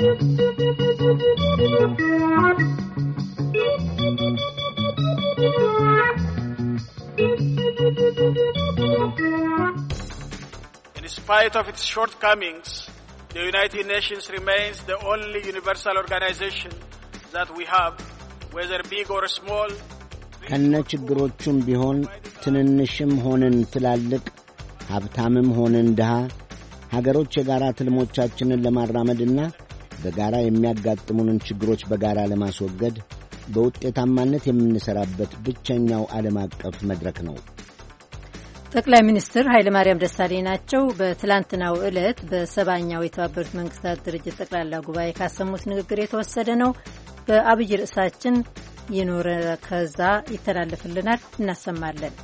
In spite of its shortcomings, the United Nations remains the only universal organization that we have, whether big or small. ከነ ችግሮቹም ቢሆን ትንንሽም ሆንን ትላልቅ፣ ሀብታምም ሆንን ድሃ ሀገሮች የጋራ ትልሞቻችንን ለማራመድና በጋራ የሚያጋጥሙንን ችግሮች በጋራ ለማስወገድ በውጤታማነት የምንሰራበት ብቸኛው ዓለም አቀፍ መድረክ ነው። ጠቅላይ ሚኒስትር ኃይለማርያም ደሳሌ ናቸው። በትላንትናው ዕለት በሰባኛው የተባበሩት መንግስታት ድርጅት ጠቅላላ ጉባኤ ካሰሙት ንግግር የተወሰደ ነው። በአብይ ርዕሳችን ይኖረ ከዛ ይተላለፍልናል፣ እናሰማለን።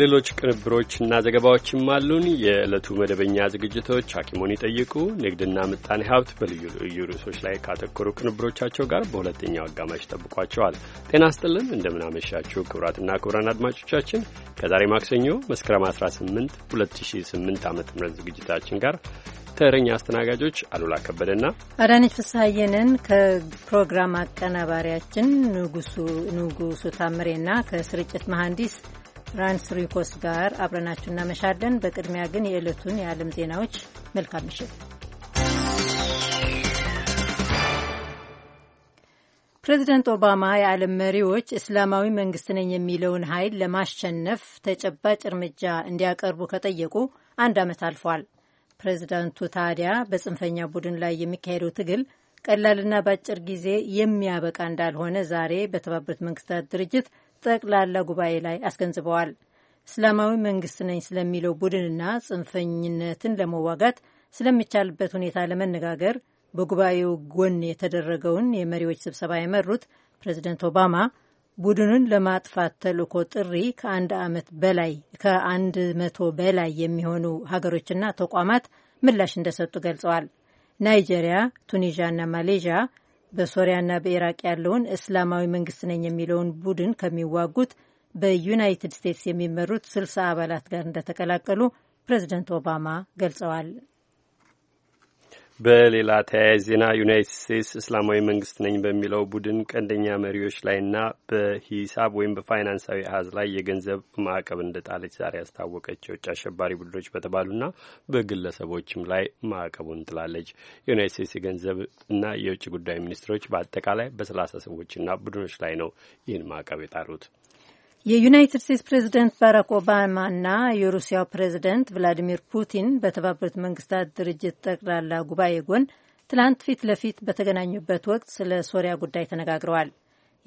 ሌሎች ቅንብሮችና ዘገባዎችም አሉን። የዕለቱ መደበኛ ዝግጅቶች ሐኪሙን ይጠይቁ፣ ንግድና ምጣኔ ሀብት በልዩ ልዩ ርዕሶች ላይ ካተኮሩ ቅንብሮቻቸው ጋር በሁለተኛው አጋማሽ ጠብቋቸዋል። ጤና ስጥልን፣ እንደምናመሻችሁ ክቡራትና ክቡራን አድማጮቻችን ከዛሬ ማክሰኞ መስከረም 18 2008 ዓ ም ዝግጅታችን ጋር ተረኛ አስተናጋጆች አሉላ ከበደና አዳነች ፍስሐየንን ከፕሮግራም አቀናባሪያችን ንጉሱ ታምሬና ከስርጭት መሐንዲስ ፍራንስ ሪኮስ ጋር አብረናችሁ እናመሻለን። በቅድሚያ ግን የዕለቱን የዓለም ዜናዎች። መልካም ምሽት። ፕሬዚደንት ኦባማ የዓለም መሪዎች እስላማዊ መንግስት ነኝ የሚለውን ኃይል ለማሸነፍ ተጨባጭ እርምጃ እንዲያቀርቡ ከጠየቁ አንድ ዓመት አልፏል። ፕሬዚዳንቱ ታዲያ በጽንፈኛ ቡድን ላይ የሚካሄደው ትግል ቀላልና በአጭር ጊዜ የሚያበቃ እንዳልሆነ ዛሬ በተባበሩት መንግስታት ድርጅት ጠቅላላ ጉባኤ ላይ አስገንዝበዋል። እስላማዊ መንግስት ነኝ ስለሚለው ቡድንና ጽንፈኝነትን ለመዋጋት ስለሚቻልበት ሁኔታ ለመነጋገር በጉባኤው ጎን የተደረገውን የመሪዎች ስብሰባ የመሩት ፕሬዚደንት ኦባማ ቡድኑን ለማጥፋት ተልእኮ ጥሪ ከአንድ ዓመት በላይ ከአንድ መቶ በላይ የሚሆኑ ሀገሮችና ተቋማት ምላሽ እንደሰጡ ገልጸዋል። ናይጄሪያ፣ ቱኒዥያና ማሌዥያ በሶሪያና በኢራቅ ያለውን እስላማዊ መንግስት ነኝ የሚለውን ቡድን ከሚዋጉት በዩናይትድ ስቴትስ የሚመሩት ስልሳ አባላት ጋር እንደተቀላቀሉ ፕሬዚደንት ኦባማ ገልጸዋል። በሌላ ተያያዥ ዜና ዩናይትድ ስቴትስ እስላማዊ መንግስት ነኝ በሚለው ቡድን ቀንደኛ መሪዎች ላይና በሂሳብ ወይም በፋይናንሳዊ አሀዝ ላይ የገንዘብ ማዕቀብ እንደጣለች ዛሬ ያስታወቀች የውጭ አሸባሪ ቡድኖች በተባሉና በግለሰቦችም ላይ ማዕቀቡን ጥላለች። የዩናይትድ ስቴትስ የገንዘብ እና የውጭ ጉዳይ ሚኒስትሮች በአጠቃላይ በሰላሳ ሰዎችና ቡድኖች ላይ ነው ይህን ማዕቀብ የጣሉት። የዩናይትድ ስቴትስ ፕሬዚደንት ባራክ ኦባማና የሩሲያው ፕሬዚደንት ቭላዲሚር ፑቲን በተባበሩት መንግስታት ድርጅት ጠቅላላ ጉባኤ ጎን ትላንት ፊት ለፊት በተገናኙበት ወቅት ስለ ሶሪያ ጉዳይ ተነጋግረዋል።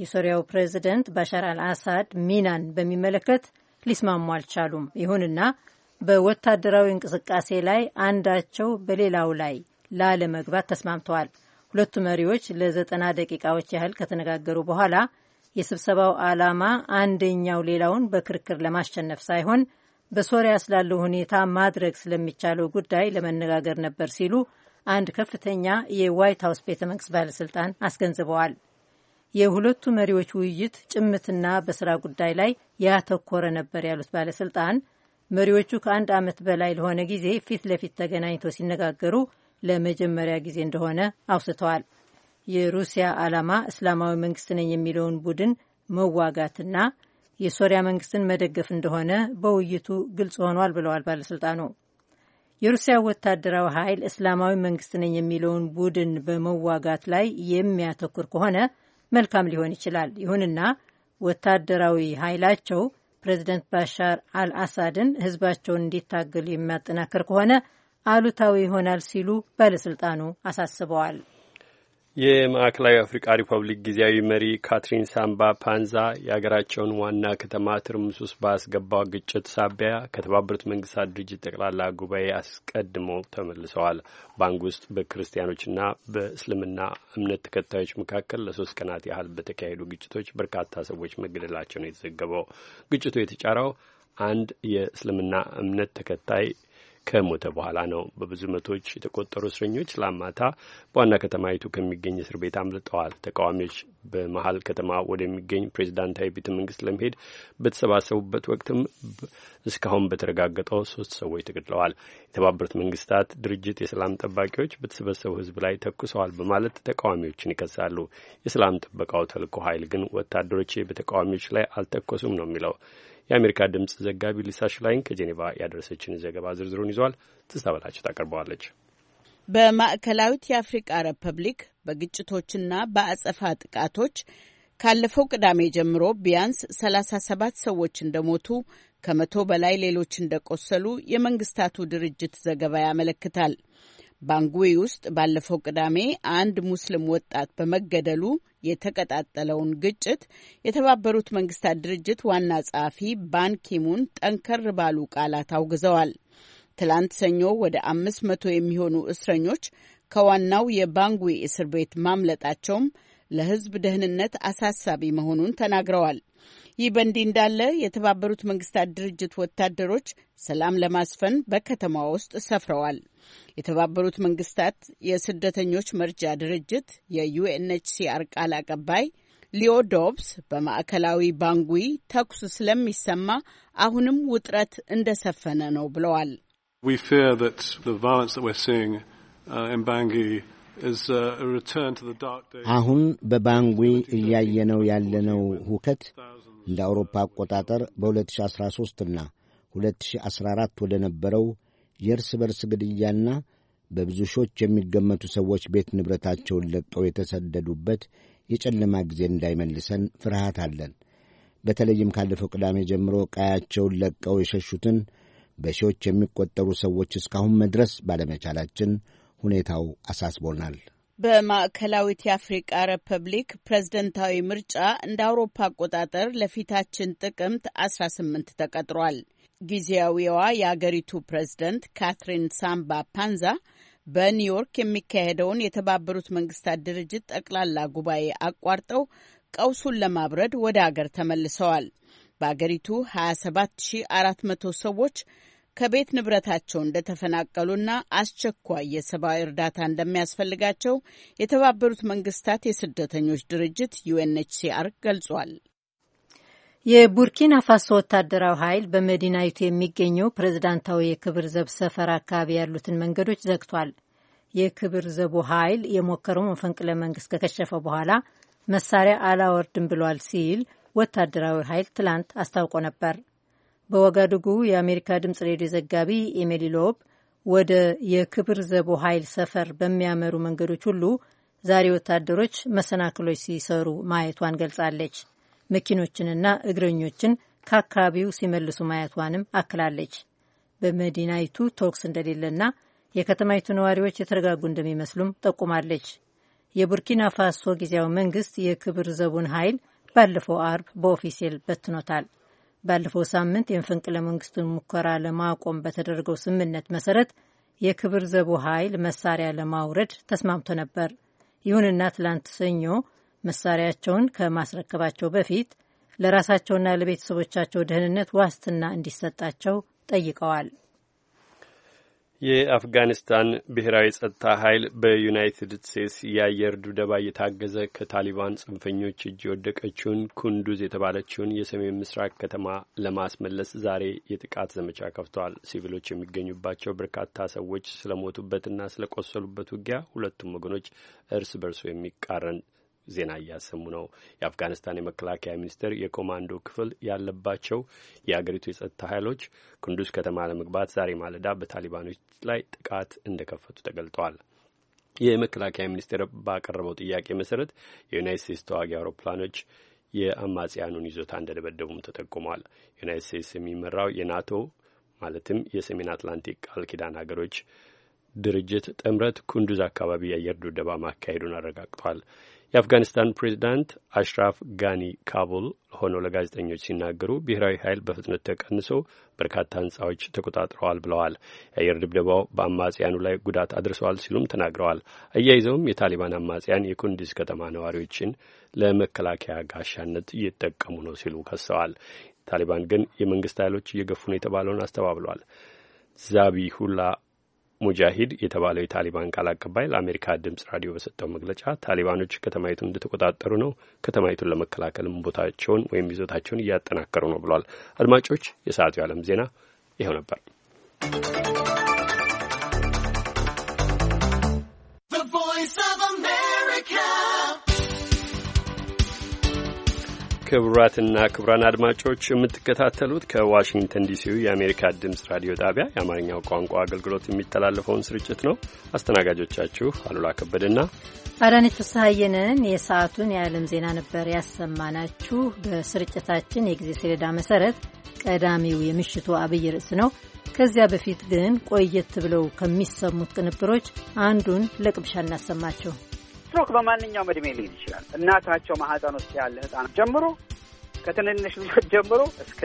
የሶሪያው ፕሬዚደንት ባሻር አልአሳድ ሚናን በሚመለከት ሊስማሙ አልቻሉም። ይሁንና በወታደራዊ እንቅስቃሴ ላይ አንዳቸው በሌላው ላይ ላለመግባት ተስማምተዋል። ሁለቱ መሪዎች ለዘጠና ደቂቃዎች ያህል ከተነጋገሩ በኋላ የስብሰባው ዓላማ አንደኛው ሌላውን በክርክር ለማሸነፍ ሳይሆን በሶሪያ ስላለው ሁኔታ ማድረግ ስለሚቻለው ጉዳይ ለመነጋገር ነበር ሲሉ አንድ ከፍተኛ የዋይት ሀውስ ቤተ መንግስት ባለሥልጣን አስገንዝበዋል። የሁለቱ መሪዎች ውይይት ጭምትና በስራ ጉዳይ ላይ ያተኮረ ነበር ያሉት ባለሥልጣን መሪዎቹ ከአንድ ዓመት በላይ ለሆነ ጊዜ ፊት ለፊት ተገናኝተው ሲነጋገሩ ለመጀመሪያ ጊዜ እንደሆነ አውስተዋል። የሩሲያ ዓላማ እስላማዊ መንግስት ነኝ የሚለውን ቡድን መዋጋትና የሶሪያ መንግስትን መደገፍ እንደሆነ በውይይቱ ግልጽ ሆኗል ብለዋል ባለሥልጣኑ። የሩሲያ ወታደራዊ ኃይል እስላማዊ መንግስት ነኝ የሚለውን ቡድን በመዋጋት ላይ የሚያተኩር ከሆነ መልካም ሊሆን ይችላል። ይሁንና ወታደራዊ ኃይላቸው ፕሬዚደንት ባሻር አልአሳድን ህዝባቸውን እንዲታገሉ የሚያጠናክር ከሆነ አሉታዊ ይሆናል ሲሉ ባለሥልጣኑ አሳስበዋል። የማዕከላዊ አፍሪቃ ሪፐብሊክ ጊዜያዊ መሪ ካትሪን ሳምባ ፓንዛ የሀገራቸውን ዋና ከተማ ትርምስ ውስጥ ባስገባው ግጭት ሳቢያ ከተባበሩት መንግስታት ድርጅት ጠቅላላ ጉባኤ አስቀድመው ተመልሰዋል። ባንግ ውስጥ በክርስቲያኖችና በእስልምና እምነት ተከታዮች መካከል ለሶስት ቀናት ያህል በተካሄዱ ግጭቶች በርካታ ሰዎች መገደላቸው ነው የተዘገበው። ግጭቱ የተጫረው አንድ የእስልምና እምነት ተከታይ ከሞተ በኋላ ነው። በብዙ መቶዎች የተቆጠሩ እስረኞች ላማታ በዋና ከተማይቱ ከሚገኝ እስር ቤት አምልጠዋል። ተቃዋሚዎች በመሀል ከተማ ወደሚገኝ ፕሬዚዳንታዊ ቤተ መንግስት ለመሄድ በተሰባሰቡበት ወቅትም እስካሁን በተረጋገጠው ሶስት ሰዎች ተገድለዋል። የተባበሩት መንግስታት ድርጅት የሰላም ጠባቂዎች በተሰበሰበው ህዝብ ላይ ተኩሰዋል በማለት ተቃዋሚዎችን ይከሳሉ። የሰላም ጥበቃው ተልዕኮ ኃይል ግን ወታደሮች በተቃዋሚዎች ላይ አልተኮሱም ነው የሚለው። የአሜሪካ ድምፅ ዘጋቢ ሊሳ ሽላይን ከጄኔቫ ያደረሰችን ዘገባ ዝርዝሩን ይዟል። ትስታ ታቀርበዋለች። በማዕከላዊት የአፍሪቃ ሪፐብሊክ በግጭቶችና በአጸፋ ጥቃቶች ካለፈው ቅዳሜ ጀምሮ ቢያንስ 37 ሰዎች እንደሞቱ ከመቶ በላይ ሌሎች እንደቆሰሉ የመንግስታቱ ድርጅት ዘገባ ያመለክታል። ባንጉዌ ውስጥ ባለፈው ቅዳሜ አንድ ሙስሊም ወጣት በመገደሉ የተቀጣጠለውን ግጭት የተባበሩት መንግስታት ድርጅት ዋና ጸሐፊ ባንኪሙን ጠንከር ባሉ ቃላት አውግዘዋል። ትላንት ሰኞ ወደ አምስት መቶ የሚሆኑ እስረኞች ከዋናው የባንጉዌ እስር ቤት ማምለጣቸውም ለሕዝብ ደህንነት አሳሳቢ መሆኑን ተናግረዋል። ይህ በእንዲህ እንዳለ የተባበሩት መንግስታት ድርጅት ወታደሮች ሰላም ለማስፈን በከተማዋ ውስጥ ሰፍረዋል። የተባበሩት መንግስታት የስደተኞች መርጃ ድርጅት የዩኤንኤችሲአር ቃል አቀባይ ሊዮ ዶብስ በማዕከላዊ ባንጉይ ተኩስ ስለሚሰማ አሁንም ውጥረት እንደሰፈነ ነው ብለዋል። uh, uh, አሁን በባንጉይ እያየነው ያለነው ሁከት እንደ አውሮፓ አቆጣጠር በ2013 እና 2014 ወደ ነበረው የእርስ በርስ ግድያና በብዙ ሺዎች የሚገመቱ ሰዎች ቤት ንብረታቸውን ለቀው የተሰደዱበት የጨለማ ጊዜ እንዳይመልሰን ፍርሃት አለን። በተለይም ካለፈው ቅዳሜ ጀምሮ ቀያቸውን ለቀው የሸሹትን በሺዎች የሚቆጠሩ ሰዎች እስካሁን መድረስ ባለመቻላችን ሁኔታው አሳስቦናል። በማዕከላዊት የአፍሪቃ ሪፐብሊክ ፕሬዝደንታዊ ምርጫ እንደ አውሮፓ አቆጣጠር ለፊታችን ጥቅምት 18 ተቀጥሯል። ጊዜያዊዋ የአገሪቱ ፕሬዝደንት ካትሪን ሳምባ ፓንዛ በኒውዮርክ የሚካሄደውን የተባበሩት መንግስታት ድርጅት ጠቅላላ ጉባኤ አቋርጠው ቀውሱን ለማብረድ ወደ አገር ተመልሰዋል። በአገሪቱ 27400 ሰዎች ከቤት ንብረታቸው እንደተፈናቀሉና አስቸኳይ የሰብአዊ እርዳታ እንደሚያስፈልጋቸው የተባበሩት መንግስታት የስደተኞች ድርጅት ዩኤንኤችሲአር ገልጿል። የቡርኪና ፋሶ ወታደራዊ ኃይል በመዲናይቱ የሚገኘው ፕሬዝዳንታዊ የክብር ዘብ ሰፈር አካባቢ ያሉትን መንገዶች ዘግቷል። የክብር ዘቡ ኃይል የሞከረው መፈንቅለ መንግስት ከከሸፈ በኋላ መሳሪያ አላወርድም ብሏል ሲል ወታደራዊ ኃይል ትላንት አስታውቆ ነበር። በወጋዱጉ የአሜሪካ ድምጽ ሬዲዮ ዘጋቢ ኤሜሊ ሎብ ወደ የክብር ዘቦ ኃይል ሰፈር በሚያመሩ መንገዶች ሁሉ ዛሬ ወታደሮች መሰናክሎች ሲሰሩ ማየቷን ገልጻለች። መኪኖችንና እግረኞችን ከአካባቢው ሲመልሱ ማየቷንም አክላለች። በመዲናይቱ ተኩስ እንደሌለና የከተማይቱ ነዋሪዎች የተረጋጉ እንደሚመስሉም ጠቁማለች። የቡርኪና ፋሶ ጊዜያዊ መንግስት የክብር ዘቡን ኃይል ባለፈው አርብ በኦፊሴል በትኖታል። ባለፈው ሳምንት የመፈንቅለ መንግስቱን ሙከራ ለማቆም በተደረገው ስምምነት መሰረት የክብር ዘቡ ኃይል መሳሪያ ለማውረድ ተስማምቶ ነበር። ይሁንና ትላንት ሰኞ መሳሪያቸውን ከማስረከባቸው በፊት ለራሳቸውና ለቤተሰቦቻቸው ደህንነት ዋስትና እንዲሰጣቸው ጠይቀዋል። የአፍጋኒስታን ብሔራዊ ጸጥታ ኃይል በዩናይትድ ስቴትስ የአየር ድብደባ እየታገዘ ከታሊባን ጽንፈኞች እጅ የወደቀችውን ኩንዱዝ የተባለችውን የሰሜን ምስራቅ ከተማ ለማስመለስ ዛሬ የጥቃት ዘመቻ ከፍተዋል። ሲቪሎች የሚገኙባቸው በርካታ ሰዎች ስለሞቱበትና ስለቆሰሉበት ውጊያ ሁለቱም ወገኖች እርስ በርሶ የሚቃረን ዜና እያሰሙ ነው። የአፍጋኒስታን የመከላከያ ሚኒስቴር የኮማንዶ ክፍል ያለባቸው የአገሪቱ የጸጥታ ኃይሎች ኩንዱዝ ከተማ ለመግባት ዛሬ ማለዳ በታሊባኖች ላይ ጥቃት እንደከፈቱ ተገልጠዋል። የመከላከያ ሚኒስቴር ባቀረበው ጥያቄ መሰረት የዩናይት ስቴትስ ተዋጊ አውሮፕላኖች የአማጽያኑን ይዞታ እንደደበደቡም ተጠቁሟል። ዩናይት ስቴትስ የሚመራው የናቶ ማለትም የሰሜን አትላንቲክ ቃል ኪዳን ሀገሮች ድርጅት ጥምረት ኩንዱዝ አካባቢ የአየር ድብደባ ማካሄዱን አረጋግጧል። የአፍጋኒስታን ፕሬዚዳንት አሽራፍ ጋኒ ካቡል ሆነው ለጋዜጠኞች ሲናገሩ ብሔራዊ ኃይል በፍጥነት ተቀንሶ በርካታ ህንጻዎች ተቆጣጥረዋል ብለዋል። የአየር ድብደባው በአማጽያኑ ላይ ጉዳት አድርሰዋል ሲሉም ተናግረዋል። አያይዘውም የታሊባን አማጽያን የኩንዲዝ ከተማ ነዋሪዎችን ለመከላከያ ጋሻነት እየተጠቀሙ ነው ሲሉ ከሰዋል። ታሊባን ግን የመንግስት ኃይሎች እየገፉ ነው የተባለውን አስተባብሏል። ዛቢሁላ ሙጃሂድ የተባለው የታሊባን ቃል አቀባይ ለአሜሪካ ድምጽ ራዲዮ በሰጠው መግለጫ ታሊባኖች ከተማይቱን እንደተቆጣጠሩ ነው፣ ከተማይቱን ለመከላከልም ቦታቸውን ወይም ይዞታቸውን እያጠናከሩ ነው ብሏል። አድማጮች፣ የሰዓቱ የዓለም ዜና ይኸው ነበር። ክቡራትና ክቡራን አድማጮች የምትከታተሉት ከዋሽንግተን ዲሲው የአሜሪካ ድምፅ ራዲዮ ጣቢያ የአማርኛው ቋንቋ አገልግሎት የሚተላለፈውን ስርጭት ነው። አስተናጋጆቻችሁ አሉላ ከበድና አዳነች ፍስሐየንን የሰዓቱን የዓለም ዜና ነበር ያሰማናችሁ። በስርጭታችን የጊዜ ሰሌዳ መሰረት ቀዳሚው የምሽቱ አብይ ርዕስ ነው። ከዚያ በፊት ግን ቆየት ብለው ከሚሰሙት ቅንብሮች አንዱን ለቅምሻ እናሰማቸው። ስትሮክ በማንኛውም እድሜ ሊይዝ ይችላል። እናታቸው ማህፀን ውስጥ ያለ ህጣን ጀምሮ ከትንንሽ ልጆች ጀምሮ እስከ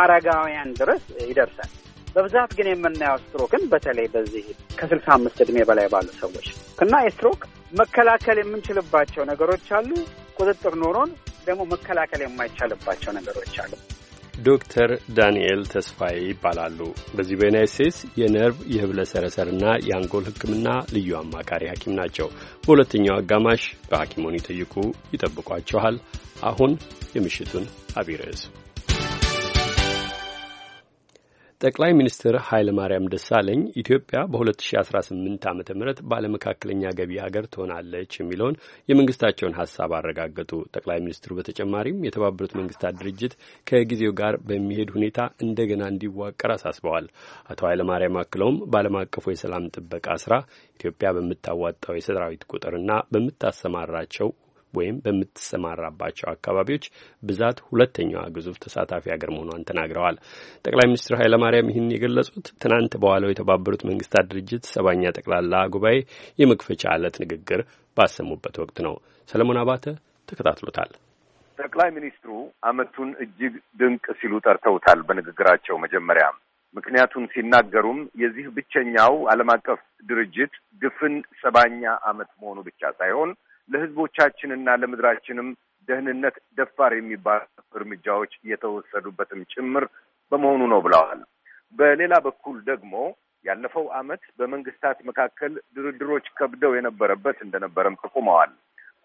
አረጋውያን ድረስ ይደርሳል። በብዛት ግን የምናየው ስትሮክን በተለይ በዚህ ከስልሳ አምስት እድሜ በላይ ባሉ ሰዎች እና የስትሮክ መከላከል የምንችልባቸው ነገሮች አሉ። ቁጥጥር ኖሮን ደግሞ መከላከል የማይቻልባቸው ነገሮች አሉ። ዶክተር ዳንኤል ተስፋዬ ይባላሉ። በዚህ በዩናይት ስቴትስ የነርቭ የህብለ ሰረሰርና የአንጎል ሕክምና ልዩ አማካሪ ሐኪም ናቸው። በሁለተኛው አጋማሽ በሐኪሞን ይጠይቁ ይጠብቋቸዋል። አሁን የምሽቱን አቢረስ። ርዕስ ጠቅላይ ሚኒስትር ኃይለ ማርያም ደሳለኝ ኢትዮጵያ በ2018 ዓ ም ባለመካከለኛ ገቢ ሀገር ትሆናለች የሚለውን የመንግስታቸውን ሀሳብ አረጋገጡ። ጠቅላይ ሚኒስትሩ በተጨማሪም የተባበሩት መንግስታት ድርጅት ከጊዜው ጋር በሚሄድ ሁኔታ እንደገና እንዲዋቀር አሳስበዋል። አቶ ኃይለ ማርያም አክለውም በዓለም አቀፉ የሰላም ጥበቃ ስራ ኢትዮጵያ በምታዋጣው የሰራዊት ቁጥርና በምታሰማራቸው ወይም በምትሰማራባቸው አካባቢዎች ብዛት ሁለተኛዋ ግዙፍ ተሳታፊ ሀገር መሆኗን ተናግረዋል። ጠቅላይ ሚኒስትር ኃይለማርያም ይህን የገለጹት ትናንት በዋለው የተባበሩት መንግስታት ድርጅት ሰባኛ ጠቅላላ ጉባኤ የመክፈቻ ዕለት ንግግር ባሰሙበት ወቅት ነው። ሰለሞን አባተ ተከታትሎታል። ጠቅላይ ሚኒስትሩ አመቱን እጅግ ድንቅ ሲሉ ጠርተውታል በንግግራቸው መጀመሪያ ምክንያቱን ሲናገሩም የዚህ ብቸኛው ዓለም አቀፍ ድርጅት ድፍን ሰባኛ አመት መሆኑ ብቻ ሳይሆን ለህዝቦቻችንና ለምድራችንም ደህንነት ደፋር የሚባሉ እርምጃዎች የተወሰዱበትም ጭምር በመሆኑ ነው ብለዋል። በሌላ በኩል ደግሞ ያለፈው ዓመት በመንግስታት መካከል ድርድሮች ከብደው የነበረበት እንደነበረም ጠቁመዋል።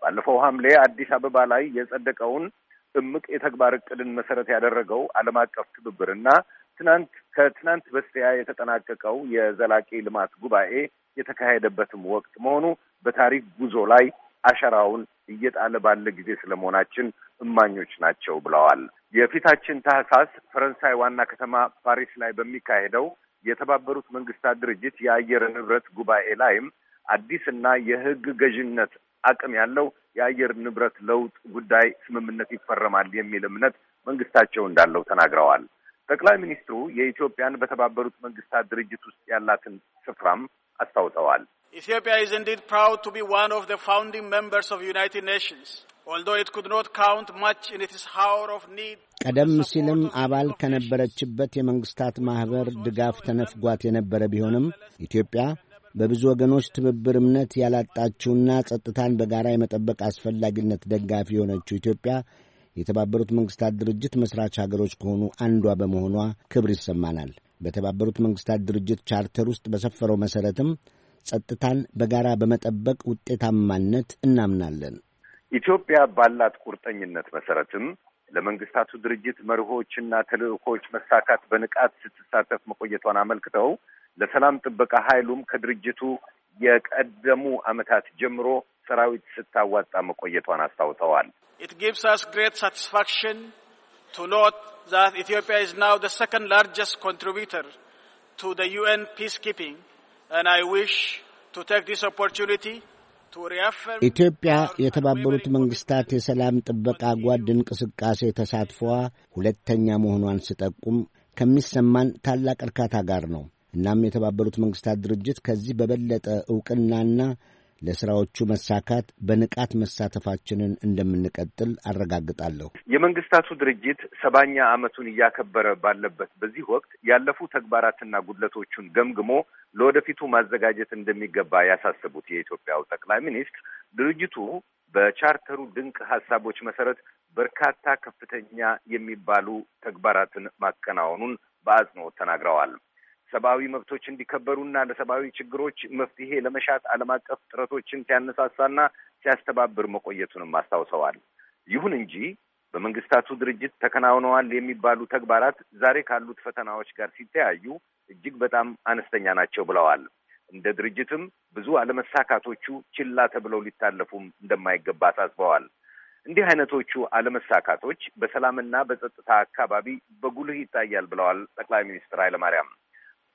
ባለፈው ሐምሌ አዲስ አበባ ላይ የጸደቀውን እምቅ የተግባር እቅድን መሰረት ያደረገው ዓለም አቀፍ ትብብርና ትናንት ከትናንት በስቲያ የተጠናቀቀው የዘላቂ ልማት ጉባኤ የተካሄደበትም ወቅት መሆኑ በታሪክ ጉዞ ላይ አሸራውን እየጣለ ባለ ጊዜ ስለመሆናችን እማኞች ናቸው ብለዋል። የፊታችን ታህሳስ ፈረንሳይ ዋና ከተማ ፓሪስ ላይ በሚካሄደው የተባበሩት መንግስታት ድርጅት የአየር ንብረት ጉባኤ ላይም አዲስና የህግ ገዥነት አቅም ያለው የአየር ንብረት ለውጥ ጉዳይ ስምምነት ይፈረማል የሚል እምነት መንግስታቸው እንዳለው ተናግረዋል። ጠቅላይ ሚኒስትሩ የኢትዮጵያን በተባበሩት መንግስታት ድርጅት ውስጥ ያላትን ስፍራም አስታውቀዋል። ኢትዮጵያ ኢዝ ኢንዲድ ፕራውድ ቱ ቢ ዋን ኦፍ ዘ ፋውንዲንግ ሜምበርስ ኦፍ ዩናይትድ ኔሽንስ ቀደም ሲልም አባል ከነበረችበት የመንግሥታት ማኅበር ድጋፍ ተነፍጓት የነበረ ቢሆንም ኢትዮጵያ በብዙ ወገኖች ትብብር እምነት ያላጣችውና ጸጥታን በጋራ የመጠበቅ አስፈላጊነት ደጋፊ የሆነችው ኢትዮጵያ የተባበሩት መንግሥታት ድርጅት መሥራች ሀገሮች ከሆኑ አንዷ በመሆኗ ክብር ይሰማናል። በተባበሩት መንግስታት ድርጅት ቻርተር ውስጥ በሰፈረው መሠረትም ጸጥታን በጋራ በመጠበቅ ውጤታማነት እናምናለን። ኢትዮጵያ ባላት ቁርጠኝነት መሠረትም ለመንግስታቱ ድርጅት መርሆችና ተልእኮች መሳካት በንቃት ስትሳተፍ መቆየቷን አመልክተው ለሰላም ጥበቃ ኃይሉም ከድርጅቱ የቀደሙ ዓመታት ጀምሮ ሰራዊት ስታዋጣ መቆየቷን አስታውሰዋል። ኢት ጊቭስ አስ ግሬት ሳቲስፋክሽን to note that Ethiopia is now the second largest contributor to the UN peacekeeping, and I wish to take this opportunity ኢትዮጵያ የተባበሩት መንግስታት የሰላም ጥበቃ ጓድ እንቅስቃሴ ተሳትፎዋ ሁለተኛ መሆኗን ስጠቁም ከሚሰማን ታላቅ እርካታ ጋር ነው። እናም የተባበሩት መንግስታት ድርጅት ከዚህ በበለጠ ዕውቅናና ለስራዎቹ መሳካት በንቃት መሳተፋችንን እንደምንቀጥል አረጋግጣለሁ። የመንግስታቱ ድርጅት ሰባኛ ዓመቱን እያከበረ ባለበት በዚህ ወቅት ያለፉ ተግባራትና ጉድለቶቹን ገምግሞ ለወደፊቱ ማዘጋጀት እንደሚገባ ያሳሰቡት የኢትዮጵያው ጠቅላይ ሚኒስትር ድርጅቱ በቻርተሩ ድንቅ ሀሳቦች መሰረት በርካታ ከፍተኛ የሚባሉ ተግባራትን ማከናወኑን በአጽንኦት ተናግረዋል። ሰብአዊ መብቶች እንዲከበሩና ለሰብአዊ ችግሮች መፍትሄ ለመሻት ዓለም አቀፍ ጥረቶችን ሲያነሳሳና ሲያስተባብር መቆየቱንም አስታውሰዋል። ይሁን እንጂ በመንግስታቱ ድርጅት ተከናውነዋል የሚባሉ ተግባራት ዛሬ ካሉት ፈተናዎች ጋር ሲተያዩ እጅግ በጣም አነስተኛ ናቸው ብለዋል። እንደ ድርጅትም ብዙ አለመሳካቶቹ ችላ ተብለው ሊታለፉም እንደማይገባ አሳስበዋል። እንዲህ አይነቶቹ አለመሳካቶች በሰላምና በጸጥታ አካባቢ በጉልህ ይታያል ብለዋል ጠቅላይ ሚኒስትር ኃይለማርያም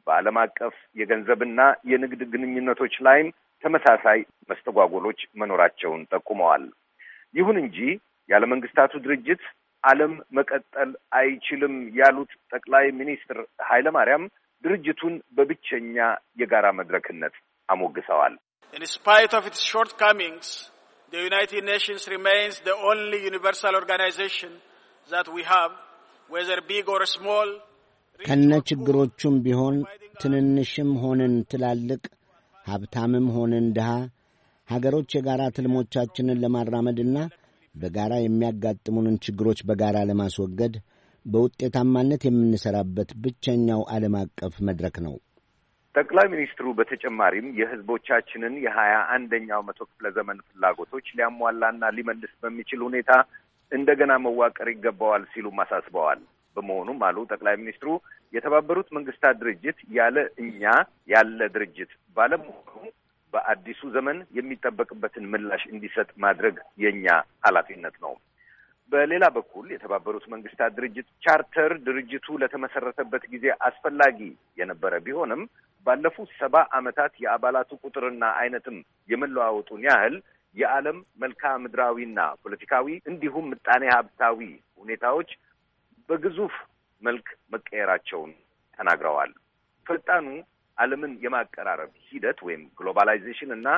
በዓለም አቀፍ የገንዘብና የንግድ ግንኙነቶች ላይም ተመሳሳይ መስተጓጎሎች መኖራቸውን ጠቁመዋል። ይሁን እንጂ ያለ መንግስታቱ ድርጅት ዓለም መቀጠል አይችልም ያሉት ጠቅላይ ሚኒስትር ኃይለ ማርያም ድርጅቱን በብቸኛ የጋራ መድረክነት አሞግሰዋል። ኢን ስፓይት ኦፍ ኢትስ ዘ ዩናይትድ ኔሽንስ ሪሜይንስ ዘ ኦንሊ ዩኒቨርሳል ኦርጋናይዜሽን ዛት ዊ ሃቭ ዌዘር ቢግ ኦር ስሞል ከነ ችግሮቹም ቢሆን ትንንሽም ሆንን ትላልቅ፣ ሀብታምም ሆንን ድሃ ሀገሮች የጋራ ትልሞቻችንን ለማራመድና በጋራ የሚያጋጥሙንን ችግሮች በጋራ ለማስወገድ በውጤታማነት የምንሰራበት ብቸኛው ዓለም አቀፍ መድረክ ነው። ጠቅላይ ሚኒስትሩ በተጨማሪም የሕዝቦቻችንን የሀያ አንደኛው መቶ ክፍለ ዘመን ፍላጎቶች ሊያሟላና ሊመልስ በሚችል ሁኔታ እንደገና መዋቀር ይገባዋል ሲሉም አሳስበዋል። በመሆኑም አሉ ጠቅላይ ሚኒስትሩ የተባበሩት መንግስታት ድርጅት ያለ እኛ ያለ ድርጅት ባለመሆኑ በአዲሱ ዘመን የሚጠበቅበትን ምላሽ እንዲሰጥ ማድረግ የእኛ ኃላፊነት ነው። በሌላ በኩል የተባበሩት መንግስታት ድርጅት ቻርተር ድርጅቱ ለተመሰረተበት ጊዜ አስፈላጊ የነበረ ቢሆንም ባለፉት ሰባ ዓመታት የአባላቱ ቁጥርና አይነትም የመለዋወጡን ያህል የዓለም መልክዓ ምድራዊና ፖለቲካዊ እንዲሁም ምጣኔ ሀብታዊ ሁኔታዎች በግዙፍ መልክ መቀየራቸውን ተናግረዋል። ፈጣኑ ዓለምን የማቀራረብ ሂደት ወይም ግሎባላይዜሽን እና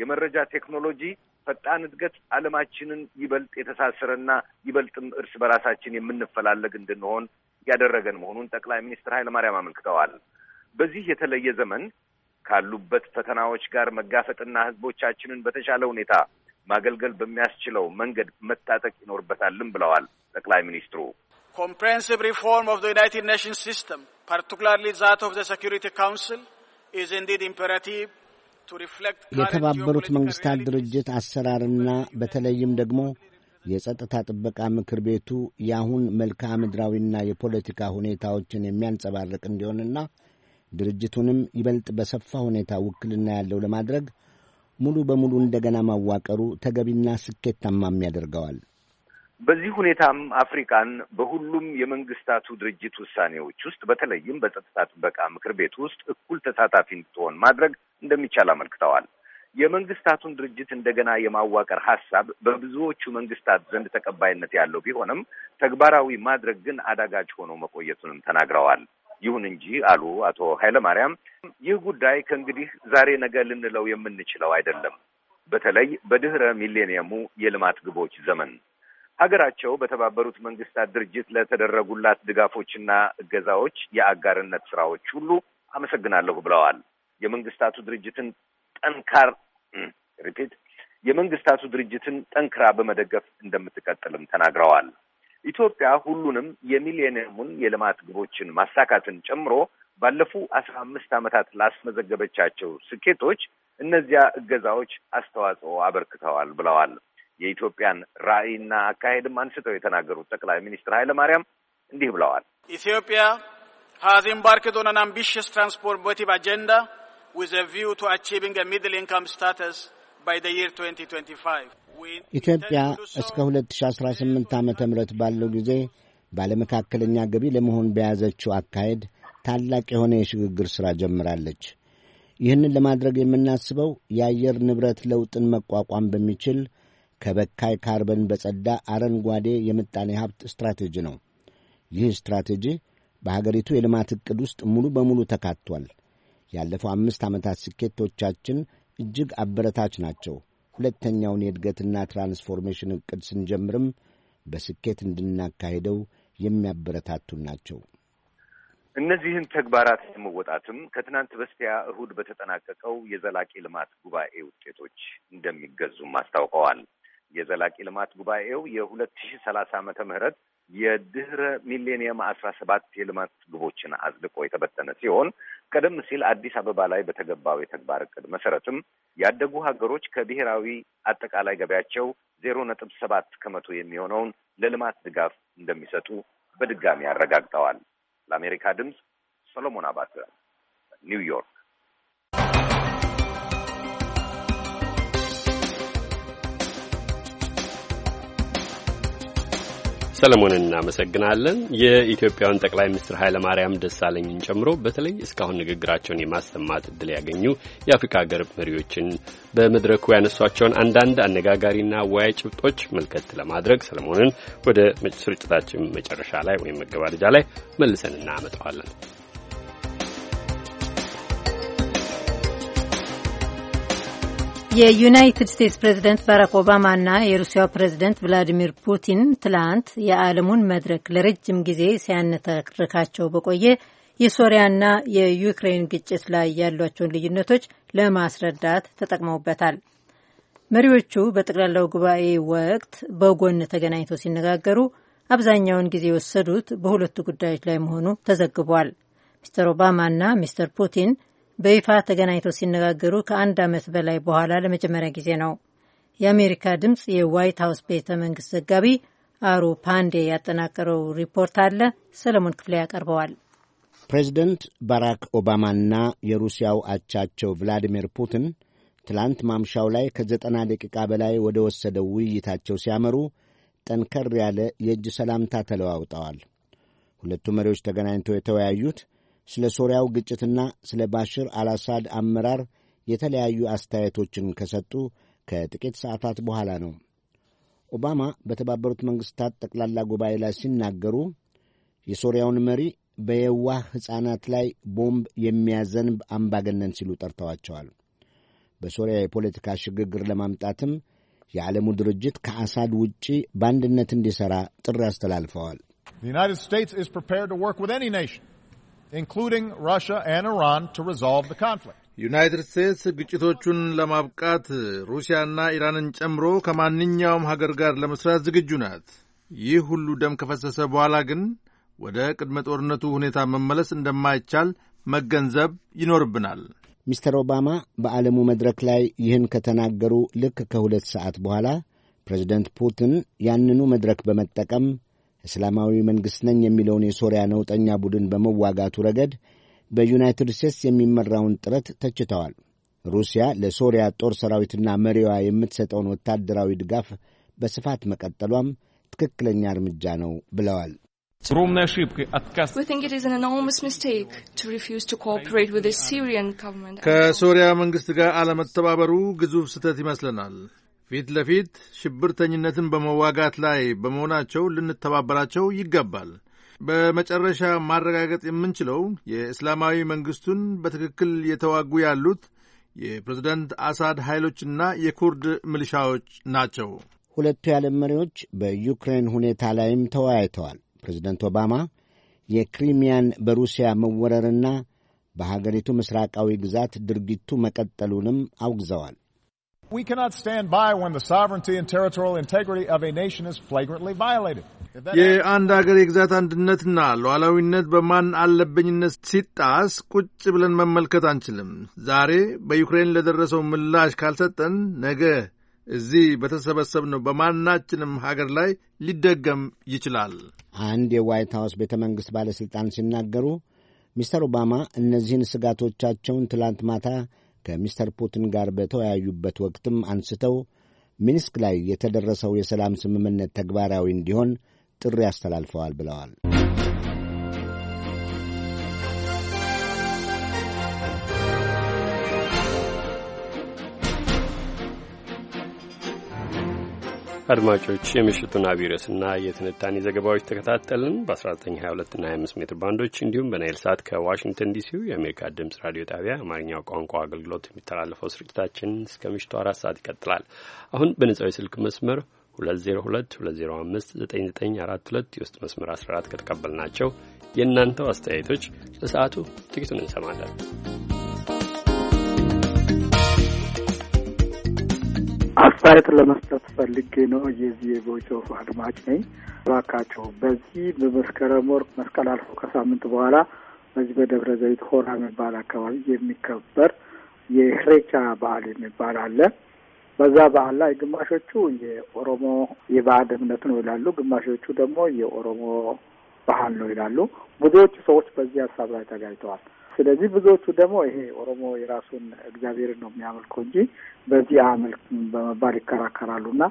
የመረጃ ቴክኖሎጂ ፈጣን እድገት ዓለማችንን ይበልጥ የተሳሰረና ይበልጥም እርስ በራሳችን የምንፈላለግ እንድንሆን ያደረገን መሆኑን ጠቅላይ ሚኒስትር ኃይለማርያም አመልክተዋል። በዚህ የተለየ ዘመን ካሉበት ፈተናዎች ጋር መጋፈጥና ህዝቦቻችንን በተሻለ ሁኔታ ማገልገል በሚያስችለው መንገድ መታጠቅ ይኖርበታልም ብለዋል ጠቅላይ ሚኒስትሩ። Comprehensive reform of the United Nations system, particularly that of the Security Council, is indeed imperative to reflect የተባበሩት መንግስታት ድርጅት አሰራርና በተለይም ደግሞ የጸጥታ ጥበቃ ምክር ቤቱ የአሁን መልክዓ ምድራዊና የፖለቲካ ሁኔታዎችን የሚያንጸባርቅ እንዲሆንና ድርጅቱንም ይበልጥ በሰፋ ሁኔታ ውክልና ያለው ለማድረግ ሙሉ በሙሉ እንደገና ማዋቀሩ ተገቢና ስኬታማም ያደርገዋል። በዚህ ሁኔታም አፍሪካን በሁሉም የመንግስታቱ ድርጅት ውሳኔዎች ውስጥ በተለይም በጸጥታ ጥበቃ ምክር ቤት ውስጥ እኩል ተሳታፊ እንድትሆን ማድረግ እንደሚቻል አመልክተዋል። የመንግስታቱን ድርጅት እንደገና የማዋቀር ሀሳብ በብዙዎቹ መንግስታት ዘንድ ተቀባይነት ያለው ቢሆንም ተግባራዊ ማድረግ ግን አዳጋች ሆኖ መቆየቱንም ተናግረዋል። ይሁን እንጂ አሉ አቶ ኃይለማርያም፣ ይህ ጉዳይ ከእንግዲህ ዛሬ ነገ ልንለው የምንችለው አይደለም፣ በተለይ በድህረ ሚሌኒየሙ የልማት ግቦች ዘመን ሀገራቸው በተባበሩት መንግስታት ድርጅት ለተደረጉላት ድጋፎችና እገዛዎች፣ የአጋርነት ስራዎች ሁሉ አመሰግናለሁ ብለዋል። የመንግስታቱ ድርጅትን ጠንካር ሪፒት የመንግስታቱ ድርጅትን ጠንክራ በመደገፍ እንደምትቀጥልም ተናግረዋል። ኢትዮጵያ ሁሉንም የሚሊኒየሙን የልማት ግቦችን ማሳካትን ጨምሮ ባለፉ አስራ አምስት ዓመታት ላስመዘገበቻቸው ስኬቶች እነዚያ እገዛዎች አስተዋጽኦ አበርክተዋል ብለዋል። የኢትዮጵያን ራዕይና አካሄድም አንስተው የተናገሩት ጠቅላይ ሚኒስትር ማርያም እንዲህ ብለዋል። ኢትዮጵያ ሀዝ ኤምባርክድ ኦን አምቢሽስ ambitious transformative agenda with a view to achieving a 2025 ኢትዮጵያ እስከ 2018 ዓ ም ባለው ጊዜ ባለመካከለኛ ገቢ ለመሆን በያዘችው አካሄድ ታላቅ የሆነ የሽግግር ሥራ ጀምራለች። ይህንን ለማድረግ የምናስበው የአየር ንብረት ለውጥን መቋቋም በሚችል ከበካይ ካርበን በጸዳ አረንጓዴ የምጣኔ ሀብት ስትራቴጂ ነው። ይህ ስትራቴጂ በሀገሪቱ የልማት ዕቅድ ውስጥ ሙሉ በሙሉ ተካቷል። ያለፈው አምስት ዓመታት ስኬቶቻችን እጅግ አበረታች ናቸው። ሁለተኛውን የእድገትና ትራንስፎርሜሽን ዕቅድ ስንጀምርም በስኬት እንድናካሄደው የሚያበረታቱን ናቸው። እነዚህን ተግባራት የመወጣትም ከትናንት በስቲያ እሁድ በተጠናቀቀው የዘላቂ ልማት ጉባኤ ውጤቶች እንደሚገዙም አስታውቀዋል። የዘላቂ ልማት ጉባኤው የሁለት ሺህ ሰላሳ ዓመተ ምህረት የድህረ ሚሌኒየም አስራ ሰባት የልማት ግቦችን አጽድቆ የተበተነ ሲሆን ቀደም ሲል አዲስ አበባ ላይ በተገባው የተግባር እቅድ መሰረትም ያደጉ ሀገሮች ከብሔራዊ አጠቃላይ ገበያቸው ዜሮ ነጥብ ሰባት ከመቶ የሚሆነውን ለልማት ድጋፍ እንደሚሰጡ በድጋሚ አረጋግጠዋል። ለአሜሪካ ድምፅ ሰሎሞን አባተ ኒውዮርክ። ሰለሞን እናመሰግናለን። የኢትዮጵያውን ጠቅላይ ሚኒስትር ኃይለማርያም ደሳለኝን ጨምሮ በተለይ እስካሁን ንግግራቸውን የማሰማት እድል ያገኙ የአፍሪካ ሀገር መሪዎችን በመድረኩ ያነሷቸውን አንዳንድ አነጋጋሪና አወያይ ጭብጦች መልከት ለማድረግ ሰለሞንን ወደ ስርጭታችን መጨረሻ ላይ ወይም መገባደጃ ላይ መልሰን እናመጣዋለን። የዩናይትድ ስቴትስ ፕሬዝደንት ባራክ ኦባማና የሩሲያ ፕሬዝደንት ቭላዲሚር ፑቲን ትላንት የዓለሙን መድረክ ለረጅም ጊዜ ሲያነታርካቸው በቆየ የሶሪያና የዩክሬን ግጭት ላይ ያሏቸውን ልዩነቶች ለማስረዳት ተጠቅመውበታል። መሪዎቹ በጠቅላላው ጉባኤ ወቅት በጎን ተገናኝተው ሲነጋገሩ አብዛኛውን ጊዜ የወሰዱት በሁለቱ ጉዳዮች ላይ መሆኑ ተዘግቧል። ሚስተር ኦባማና ሚስተር ፑቲን በይፋ ተገናኝተው ሲነጋገሩ ከአንድ ዓመት በላይ በኋላ ለመጀመሪያ ጊዜ ነው። የአሜሪካ ድምፅ የዋይት ሀውስ ቤተ መንግስት ዘጋቢ አሩ ፓንዴ ያጠናቀረው ሪፖርት አለ። ሰለሞን ክፍሌ ያቀርበዋል። ፕሬዚደንት ባራክ ኦባማና የሩሲያው አቻቸው ቭላዲሚር ፑቲን ትላንት ማምሻው ላይ ከዘጠና ደቂቃ በላይ ወደ ወሰደው ውይይታቸው ሲያመሩ ጠንከር ያለ የእጅ ሰላምታ ተለዋውጠዋል። ሁለቱ መሪዎች ተገናኝተው የተወያዩት ስለ ሶርያው ግጭትና ስለ ባሽር አልአሳድ አመራር የተለያዩ አስተያየቶችን ከሰጡ ከጥቂት ሰዓታት በኋላ ነው። ኦባማ በተባበሩት መንግሥታት ጠቅላላ ጉባኤ ላይ ሲናገሩ የሶርያውን መሪ በየዋህ ሕፃናት ላይ ቦምብ የሚያዘንብ አምባገነን ሲሉ ጠርተዋቸዋል። በሶርያ የፖለቲካ ሽግግር ለማምጣትም የዓለሙ ድርጅት ከአሳድ ውጪ በአንድነት እንዲሠራ ጥሪ አስተላልፈዋል። The United States is including Russia and Iran, to resolve the conflict. ዩናይትድ ስቴትስ ግጭቶቹን ለማብቃት ሩሲያና ኢራንን ጨምሮ ከማንኛውም ሀገር ጋር ለመስራት ዝግጁ ናት። ይህ ሁሉ ደም ከፈሰሰ በኋላ ግን ወደ ቅድመ ጦርነቱ ሁኔታ መመለስ እንደማይቻል መገንዘብ ይኖርብናል። ሚስተር ኦባማ በዓለሙ መድረክ ላይ ይህን ከተናገሩ ልክ ከሁለት ሰዓት በኋላ ፕሬዚደንት ፑቲን ያንኑ መድረክ በመጠቀም እስላማዊ መንግሥት ነኝ የሚለውን የሶሪያ ነውጠኛ ቡድን በመዋጋቱ ረገድ በዩናይትድ ስቴትስ የሚመራውን ጥረት ተችተዋል። ሩሲያ ለሶሪያ ጦር ሰራዊትና መሪዋ የምትሰጠውን ወታደራዊ ድጋፍ በስፋት መቀጠሏም ትክክለኛ እርምጃ ነው ብለዋል። ከሶሪያ መንግሥት ጋር አለመተባበሩ ግዙፍ ስህተት ይመስለናል። ፊት ለፊት ሽብርተኝነትን በመዋጋት ላይ በመሆናቸው ልንተባበራቸው ይገባል። በመጨረሻ ማረጋገጥ የምንችለው የእስላማዊ መንግስቱን በትክክል የተዋጉ ያሉት የፕሬዝደንት አሳድ ኃይሎችና የኩርድ ምልሻዎች ናቸው። ሁለቱ የዓለም መሪዎች በዩክሬን ሁኔታ ላይም ተወያይተዋል። ፕሬዝደንት ኦባማ የክሪሚያን በሩሲያ መወረርና በሀገሪቱ ምስራቃዊ ግዛት ድርጊቱ መቀጠሉንም አውግዘዋል። We cannot stand by when the sovereignty and territorial integrity of a nation is flagrantly violated. የአንድ አገር የግዛት አንድነትና ሉዓላዊነት በማን አለብኝነት ሲጣስ ቁጭ ብለን መመልከት አንችልም። ዛሬ በዩክሬን ለደረሰው ምላሽ ካልሰጠን ነገ እዚህ በተሰበሰብነው በማናችንም ሀገር ላይ ሊደገም ይችላል። አንድ የዋይት ሀውስ ቤተ መንግሥት ባለሥልጣን ሲናገሩ ሚስተር ኦባማ እነዚህን ስጋቶቻቸውን ትላንት ማታ ከሚስተር ፑቲን ጋር በተወያዩበት ወቅትም አንስተው ሚንስክ ላይ የተደረሰው የሰላም ስምምነት ተግባራዊ እንዲሆን ጥሪ አስተላልፈዋል ብለዋል። አድማጮች የምሽቱን አቢረስና የትንታኔ ዘገባዎች ተከታተልን። በ1922 እና 25 ሜትር ባንዶች እንዲሁም በናይል ሳት ከዋሽንግተን ዲሲው የአሜሪካ ድምፅ ራዲዮ ጣቢያ አማርኛው ቋንቋ አገልግሎት የሚተላለፈው ስርጭታችን እስከ ምሽቱ አራት ሰዓት ይቀጥላል። አሁን በነጻው የስልክ መስመር 2022059942 የውስጥ መስመር 14 ከተቀበልናቸው የእናንተው አስተያየቶች ለሰዓቱ ጥቂቱን እንሰማለን። አስተያየት ለመስጠት ፈልጌ ነው። የዚህ የቮይስ ኦፍ አድማጭ ነኝ። እባካችሁ በዚህ በመስከረም ወር መስቀል አልፎ ከሳምንት በኋላ በዚህ በደብረ ዘይት ሆራ የሚባል አካባቢ የሚከበር የኢሬቻ በዓል የሚባል አለ። በዛ በዓል ላይ ግማሾቹ የኦሮሞ የባዕድ እምነት ነው ይላሉ፣ ግማሾቹ ደግሞ የኦሮሞ ባህል ነው ይላሉ። ብዙዎቹ ሰዎች በዚህ ሀሳብ ላይ ተጋጭተዋል። ስለዚህ ብዙዎቹ ደግሞ ይሄ ኦሮሞ የራሱን እግዚአብሔርን ነው የሚያመልከው እንጂ በዚህ አምልክ በመባል ይከራከራሉ እና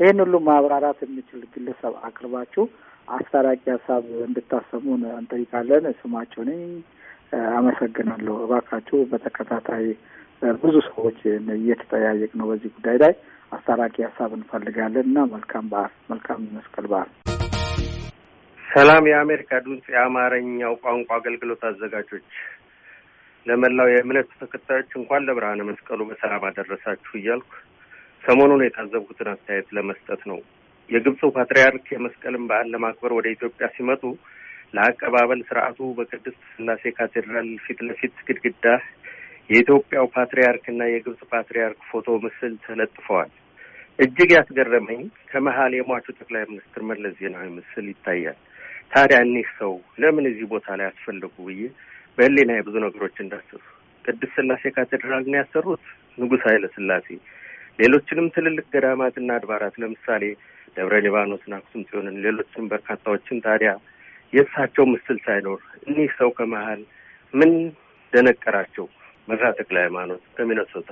ይህን ሁሉ ማብራራት የሚችል ግለሰብ አቅርባችሁ አስታራቂ ሀሳብ እንድታሰሙን እንጠይቃለን። ስማቸው ነኝ። አመሰግናለሁ። እባካችሁ በተከታታይ ብዙ ሰዎች እየተጠያየቅ ነው በዚህ ጉዳይ ላይ አስታራቂ ሀሳብ እንፈልጋለን እና መልካም በዓል፣ መልካም መስቀል በዓል። ሰላም። የአሜሪካ ድምፅ የአማርኛው ቋንቋ አገልግሎት አዘጋጆች ለመላው የእምነት ተከታዮች እንኳን ለብርሃነ መስቀሉ በሰላም አደረሳችሁ እያልኩ ሰሞኑን የታዘብኩትን አስተያየት ለመስጠት ነው። የግብፁ ፓትርያርክ የመስቀልን በዓል ለማክበር ወደ ኢትዮጵያ ሲመጡ ለአቀባበል ስርዓቱ በቅድስት ስላሴ ካቴድራል ፊት ለፊት ግድግዳ የኢትዮጵያው ፓትርያርክ እና የግብፅ ፓትርያርክ ፎቶ ምስል ተለጥፈዋል። እጅግ ያስገረመኝ ከመሀል የሟቹ ጠቅላይ ሚኒስትር መለስ ዜናዊ ምስል ይታያል። ታዲያ እኒህ ሰው ለምን እዚህ ቦታ ላይ አስፈለጉ ብዬ በህሊና ብዙ ነገሮች እንዳሰሱ ቅድስት ስላሴ ካቴድራል ነው ያሰሩት ንጉሥ ኃይለ ስላሴ። ሌሎችንም ትልልቅ ገዳማትና አድባራት ለምሳሌ ደብረ ሊባኖስን፣ አክሱም ጽዮንን፣ ሌሎችንም በርካታዎችን ታዲያ የእሳቸው ምስል ሳይኖር እኒህ ሰው ከመሀል ምን ደነቀራቸው? መራ ተክለ ሃይማኖት ከሚነሶታ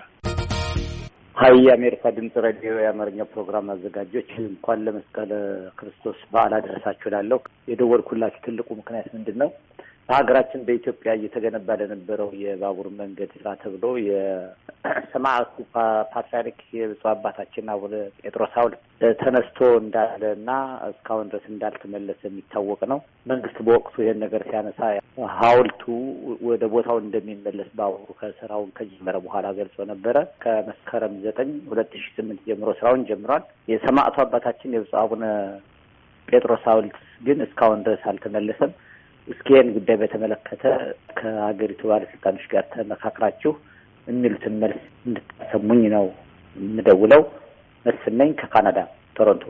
ሀይ የአሜሪካ ድምጽ ሬዲዮ የአማርኛ ፕሮግራም አዘጋጆች እንኳን ለመስቀለ ክርስቶስ በዓል አደረሳችሁ እላለሁ። የደወልኩላችሁ ትልቁ ምክንያት ምንድን ነው? በሀገራችን በኢትዮጵያ እየተገነባ ለነበረው የባቡር መንገድ ስራ ተብሎ የሰማዕቱ ፓትርያርክ የብፁዕ አባታችን አቡነ ጴጥሮስ ሐውልት ተነስቶ እንዳለ እና እስካሁን ድረስ እንዳልተመለሰ የሚታወቅ ነው። መንግስት በወቅቱ ይህን ነገር ሲያነሳ ሐውልቱ ወደ ቦታው እንደሚመለስ ባቡሩ ከስራውን ከጀመረ በኋላ ገልጾ ነበረ። ከመስከረም ዘጠኝ ሁለት ሺ ስምንት ጀምሮ ስራውን ጀምሯል። የሰማዕቱ አባታችን የብፁዕ አቡነ ጴጥሮስ ሐውልት ግን እስካሁን ድረስ አልተመለሰም። እስኪን ጉዳይ በተመለከተ ከሀገሪቱ ባለስልጣኖች ጋር ተመካክራችሁ የሚሉትን መልስ እንድታሰሙኝ ነው የምደውለው። መስፍን ነኝ ከካናዳ ቶሮንቶ።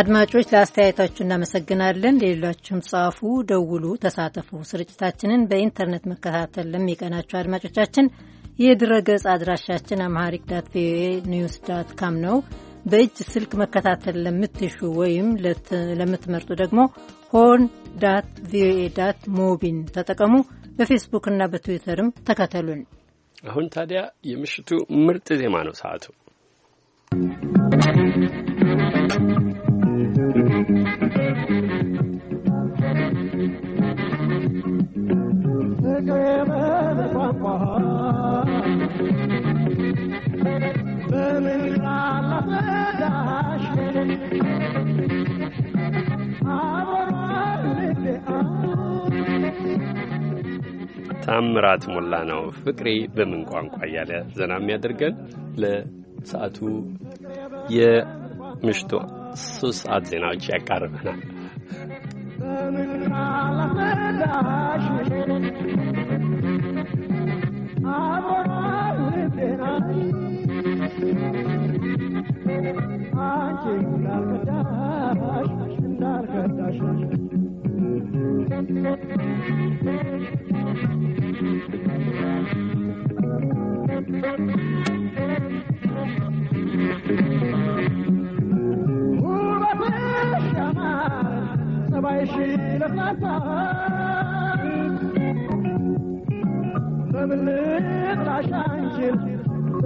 አድማጮች ለአስተያየታችሁ እናመሰግናለን። ለሌላችሁም ጻፉ፣ ደውሉ፣ ተሳተፉ። ስርጭታችንን በኢንተርኔት መከታተል ለሚቀናቸው አድማጮቻችን የድረገጽ አድራሻችን አምሃሪክ ዳት ቪኦኤ ኒውስ ዳት ካም ነው። በእጅ ስልክ መከታተል ለምትሹ ወይም ለምትመርጡ ደግሞ ሆን ዳት ቪኦኤ ዳት ሞቢን ተጠቀሙ። በፌስቡክና በትዊተርም ተከተሉን። አሁን ታዲያ የምሽቱ ምርጥ ዜማ ነው ሰዓቱ። ታምራት ሞላ ነው ፍቅሬ በምን ቋንቋ እያለ ዘና የሚያደርገን ለሰዓቱ የምሽቱ ሶስት ሰዓት ዜናዎች ያቃርበናል። I'm አንቺ እንዳልከዳሽ እንዳልከዳሽ ውበትሽ ያማረ ጸባይሽ ለስላሳ በምን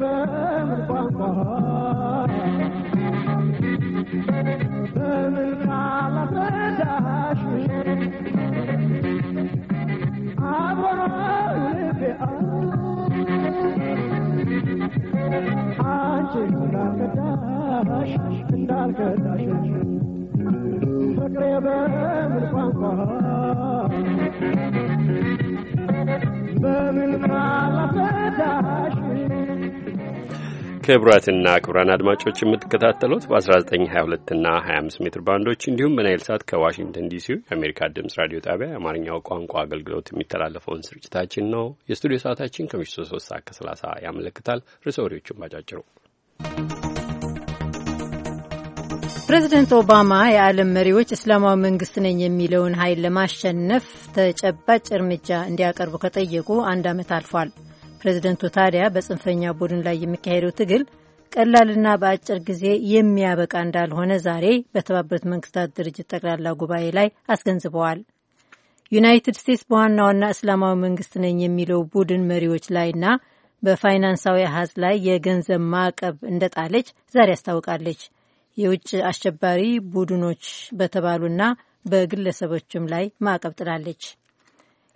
በምን ቋንቋ በምን ቃል አስረዳሽ አብሮናል በምን ቋንቋ ክቡራትና ክቡራን አድማጮች የምትከታተሉት በ1922 እና 25 ሜትር ባንዶች እንዲሁም በናይል ሳት ከዋሽንግተን ዲሲ የአሜሪካ ድምጽ ራዲዮ ጣቢያ የአማርኛው ቋንቋ አገልግሎት የሚተላለፈውን ስርጭታችን ነው። የስቱዲዮ ሰዓታችን ከምሽቱ 3 ሰዓት ከ30 ያመለክታል። ርዕሰ ወሬዎቹን ባጫጭሩ ፕሬዚደንት ኦባማ የዓለም መሪዎች እስላማዊ መንግስት ነኝ የሚለውን ኃይል ለማሸነፍ ተጨባጭ እርምጃ እንዲያቀርቡ ከጠየቁ አንድ ዓመት አልፏል። ፕሬዚደንቱ ታዲያ በጽንፈኛ ቡድን ላይ የሚካሄደው ትግል ቀላልና በአጭር ጊዜ የሚያበቃ እንዳልሆነ ዛሬ በተባበሩት መንግስታት ድርጅት ጠቅላላ ጉባኤ ላይ አስገንዝበዋል። ዩናይትድ ስቴትስ በዋና ዋና እስላማዊ መንግስት ነኝ የሚለው ቡድን መሪዎች ላይና በፋይናንሳዊ አሀዝ ላይ የገንዘብ ማዕቀብ እንደጣለች ዛሬ አስታውቃለች። የውጭ አሸባሪ ቡድኖች በተባሉና በግለሰቦችም ላይ ማዕቀብ ጥላለች።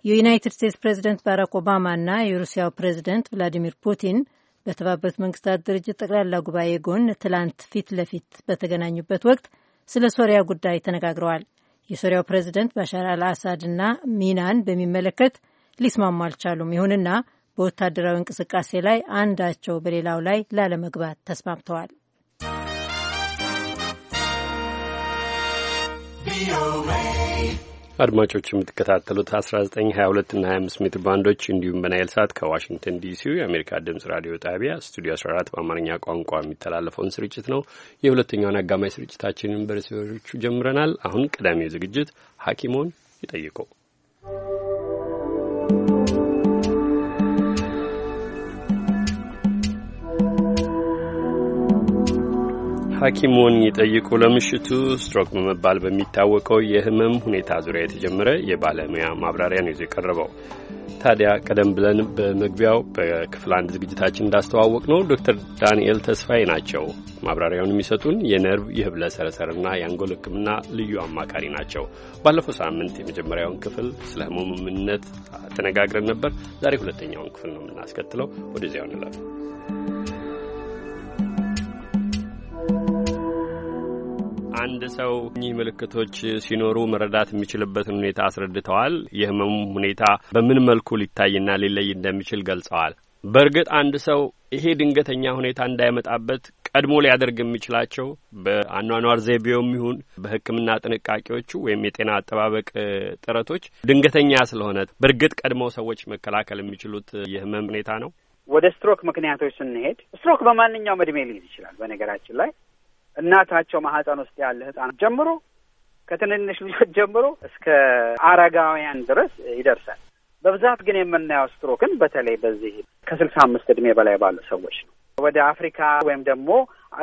የዩናይትድ ስቴትስ ፕሬዚደንት ባራክ ኦባማና የሩሲያው ፕሬዚደንት ቭላዲሚር ፑቲን በተባበሩት መንግስታት ድርጅት ጠቅላላ ጉባኤ ጎን ትላንት ፊት ለፊት በተገናኙበት ወቅት ስለ ሶሪያ ጉዳይ ተነጋግረዋል። የሶሪያው ፕሬዚደንት ባሻር አልአሳድና ሚናን በሚመለከት ሊስማሙ አልቻሉም። ይሁንና በወታደራዊ እንቅስቃሴ ላይ አንዳቸው በሌላው ላይ ላለመግባት ተስማምተዋል። አድማጮች የምትከታተሉት 1922 እና 25 ሜትር ባንዶች እንዲሁም በናይል ሳት ከዋሽንግተን ዲሲ የአሜሪካ ድምጽ ራዲዮ ጣቢያ ስቱዲዮ 14 በአማርኛ ቋንቋ የሚተላለፈውን ስርጭት ነው። የሁለተኛውን አጋማሽ ስርጭታችንን በርዕሶቹ ጀምረናል። አሁን ቀዳሚው ዝግጅት ሐኪሞን ይጠይቁ ሐኪሙን ይጠይቁ ለምሽቱ ስትሮክ በመባል በሚታወቀው የህመም ሁኔታ ዙሪያ የተጀመረ የባለሙያ ማብራሪያ ነው ይዞ የቀረበው። ታዲያ ቀደም ብለን በመግቢያው በክፍል አንድ ዝግጅታችን እንዳስተዋወቅ ነው ዶክተር ዳንኤል ተስፋዬ ናቸው ማብራሪያውን የሚሰጡን። የነርቭ የህብለ ሰረሰርና የአንጎል ሕክምና ልዩ አማካሪ ናቸው። ባለፈው ሳምንት የመጀመሪያውን ክፍል ስለ ህመሙ ምንነት ተነጋግረን ነበር። ዛሬ ሁለተኛውን ክፍል ነው የምናስከትለው። ወደዚያው እንለፍ። አንድ ሰው እኚህ ምልክቶች ሲኖሩ መረዳት የሚችልበትን ሁኔታ አስረድተዋል። የህመሙ ሁኔታ በምን መልኩ ሊታይና ሊለይ እንደሚችል ገልጸዋል። በእርግጥ አንድ ሰው ይሄ ድንገተኛ ሁኔታ እንዳይመጣበት ቀድሞ ሊያደርግ የሚችላቸው በአኗኗር ዘይቤውም ይሁን በሕክምና ጥንቃቄዎቹ ወይም የጤና አጠባበቅ ጥረቶች ድንገተኛ ስለሆነ በእርግጥ ቀድሞ ሰዎች መከላከል የሚችሉት የህመም ሁኔታ ነው። ወደ ስትሮክ ምክንያቶች ስንሄድ ስትሮክ በማንኛውም እድሜ ሊይዝ ይችላል። በነገራችን ላይ እናታቸው ማህፀን ውስጥ ያለ ህጻናት ጀምሮ ከትንንሽ ልጆች ጀምሮ እስከ አረጋውያን ድረስ ይደርሳል። በብዛት ግን የምናየው ስትሮክን በተለይ በዚህ ከስልሳ አምስት እድሜ በላይ ባሉ ሰዎች ነው። ወደ አፍሪካ ወይም ደግሞ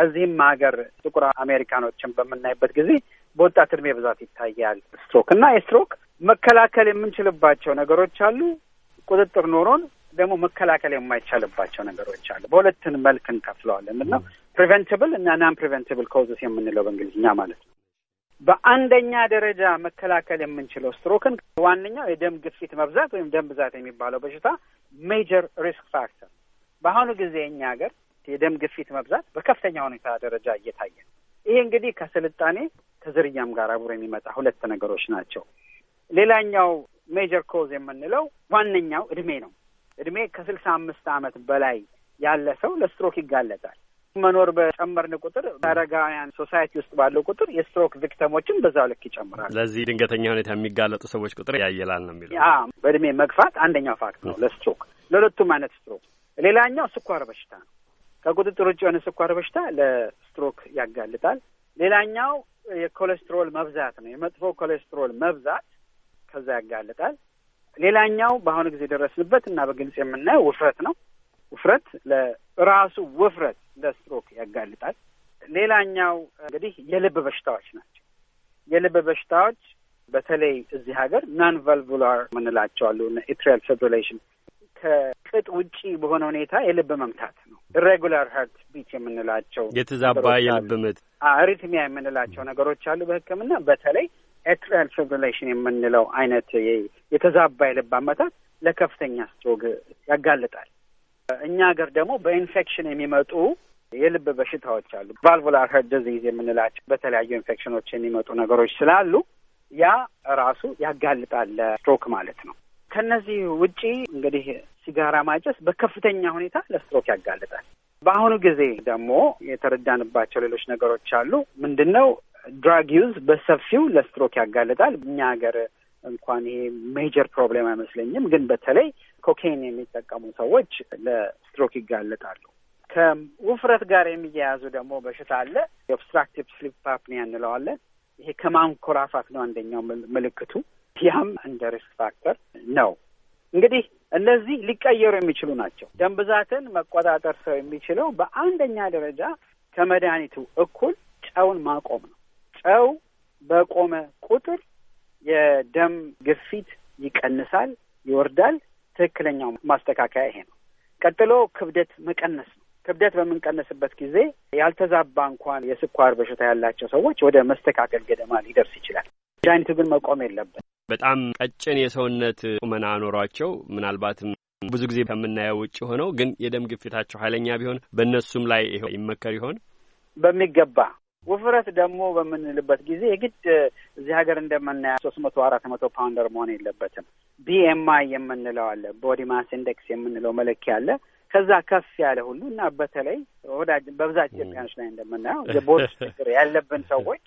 እዚህም ሀገር ጥቁር አሜሪካኖችን በምናይበት ጊዜ በወጣት እድሜ ብዛት ይታያል ስትሮክ እና የስትሮክ መከላከል የምንችልባቸው ነገሮች አሉ። ቁጥጥር ኖሮን ደግሞ መከላከል የማይቻልባቸው ነገሮች አሉ። በሁለትን መልክ እንከፍለዋለን ምንድን ፕሪቨንትብል እና ናን ፕሪቨንትብል ኮዝስ የምንለው በእንግሊዝኛ ማለት ነው። በአንደኛ ደረጃ መከላከል የምንችለው ስትሮክን ዋነኛው የደም ግፊት መብዛት ወይም ደም ብዛት የሚባለው በሽታ ሜጀር ሪስክ ፋክተር። በአሁኑ ጊዜ እኛ ሀገር የደም ግፊት መብዛት በከፍተኛ ሁኔታ ደረጃ እየታየ ነው። ይሄ እንግዲህ ከስልጣኔ ከዝርያም ጋር አብሮ የሚመጣ ሁለት ነገሮች ናቸው። ሌላኛው ሜጀር ኮዝ የምንለው ዋነኛው እድሜ ነው። እድሜ ከስልሳ አምስት ዓመት በላይ ያለ ሰው ለስትሮክ ይጋለጣል። መኖር በጨመርን ቁጥር አረጋውያን ሶሳይቲ ውስጥ ባለው ቁጥር የስትሮክ ቪክተሞችን በዛው ልክ ይጨምራል። ለዚህ ድንገተኛ ሁኔታ የሚጋለጡ ሰዎች ቁጥር ያየላል ነው የሚለው። በእድሜ መግፋት አንደኛው ፋክት ነው ለስትሮክ ለሁለቱም አይነት ስትሮክ። ሌላኛው ስኳር በሽታ ነው። ከቁጥጥር ውጭ የሆነ ስኳር በሽታ ለስትሮክ ያጋልጣል። ሌላኛው የኮሌስትሮል መብዛት ነው። የመጥፎ ኮሌስትሮል መብዛት ከዛ ያጋልጣል። ሌላኛው በአሁኑ ጊዜ የደረስንበት እና በግልጽ የምናየው ውፍረት ነው። ውፍረት ለራሱ ውፍረት ለስትሮክ ያጋልጣል። ሌላኛው እንግዲህ የልብ በሽታዎች ናቸው። የልብ በሽታዎች በተለይ እዚህ ሀገር ናን ቫልቩላር ምንላቸዋሉ ኢትሪያል ኤትሪያል ፊብሪሌሽን ከቅጥ ውጪ በሆነ ሁኔታ የልብ መምታት ነው። ኢሬጉላር ሀርት ቢት የምንላቸው የተዛባ የልብ ምት፣ አሪትሚያ የምንላቸው ነገሮች አሉ። በሕክምና በተለይ ኤትሪያል ፊብሪሌሽን የምንለው አይነት የተዛባ የልብ አመታት ለከፍተኛ ስትሮግ ያጋልጣል። እኛ ሀገር ደግሞ በኢንፌክሽን የሚመጡ የልብ በሽታዎች አሉ፣ ቫልቮላር ሄርት ዲዚዝ የምንላቸው በተለያዩ ኢንፌክሽኖች የሚመጡ ነገሮች ስላሉ ያ ራሱ ያጋልጣል ስትሮክ ማለት ነው። ከነዚህ ውጪ እንግዲህ ሲጋራ ማጨስ በከፍተኛ ሁኔታ ለስትሮክ ያጋልጣል። በአሁኑ ጊዜ ደግሞ የተረዳንባቸው ሌሎች ነገሮች አሉ። ምንድን ነው ድራግ ዩዝ በሰፊው ለስትሮክ ያጋልጣል። እኛ ሀገር እንኳን ይሄ ሜጀር ፕሮብሌም አይመስለኝም፣ ግን በተለይ ኮኬን የሚጠቀሙ ሰዎች ለስትሮክ ይጋለጣሉ። ከውፍረት ጋር የሚያያዙ ደግሞ በሽታ አለ። የኦብስትራክቲቭ ስሊፕ አፕኒያ እንለዋለን። ይሄ ከማንኮራፋት ነው አንደኛው ምልክቱ። ያም እንደ ሪስክ ፋክተር ነው። እንግዲህ እነዚህ ሊቀየሩ የሚችሉ ናቸው። ደም ብዛትን መቆጣጠር ሰው የሚችለው በአንደኛ ደረጃ ከመድኃኒቱ እኩል ጨውን ማቆም ነው። ጨው በቆመ ቁጥር የደም ግፊት ይቀንሳል፣ ይወርዳል። ትክክለኛው ማስተካከያ ይሄ ነው። ቀጥሎ ክብደት መቀነስ ነው። ክብደት በምንቀንስበት ጊዜ ያልተዛባ እንኳን የስኳር በሽታ ያላቸው ሰዎች ወደ መስተካከል ገደማ ሊደርስ ይችላል። መድኃኒቱ ግን መቆም የለበት። በጣም ቀጭን የሰውነት ቁመና ኖሯቸው ምናልባትም ብዙ ጊዜ ከምናየው ውጭ ሆነው ግን የደም ግፊታቸው ኃይለኛ ቢሆን በእነሱም ላይ ይመከር ይሆን? በሚገባ ውፍረት ደግሞ በምንልበት ጊዜ የግድ እዚህ ሀገር እንደምናያ ሶስት መቶ አራት መቶ ፓውንደር መሆን የለበትም። ቢኤምአይ የምንለው አለ፣ ቦዲ ማስ ኢንዴክስ የምንለው መለኪያ አለ። ከዛ ከፍ ያለ ሁሉ እና በተለይ ወዳጅ በብዛት ኢትዮጵያኖች ላይ እንደምናየው የቦርድ ችግር ያለብን ሰዎች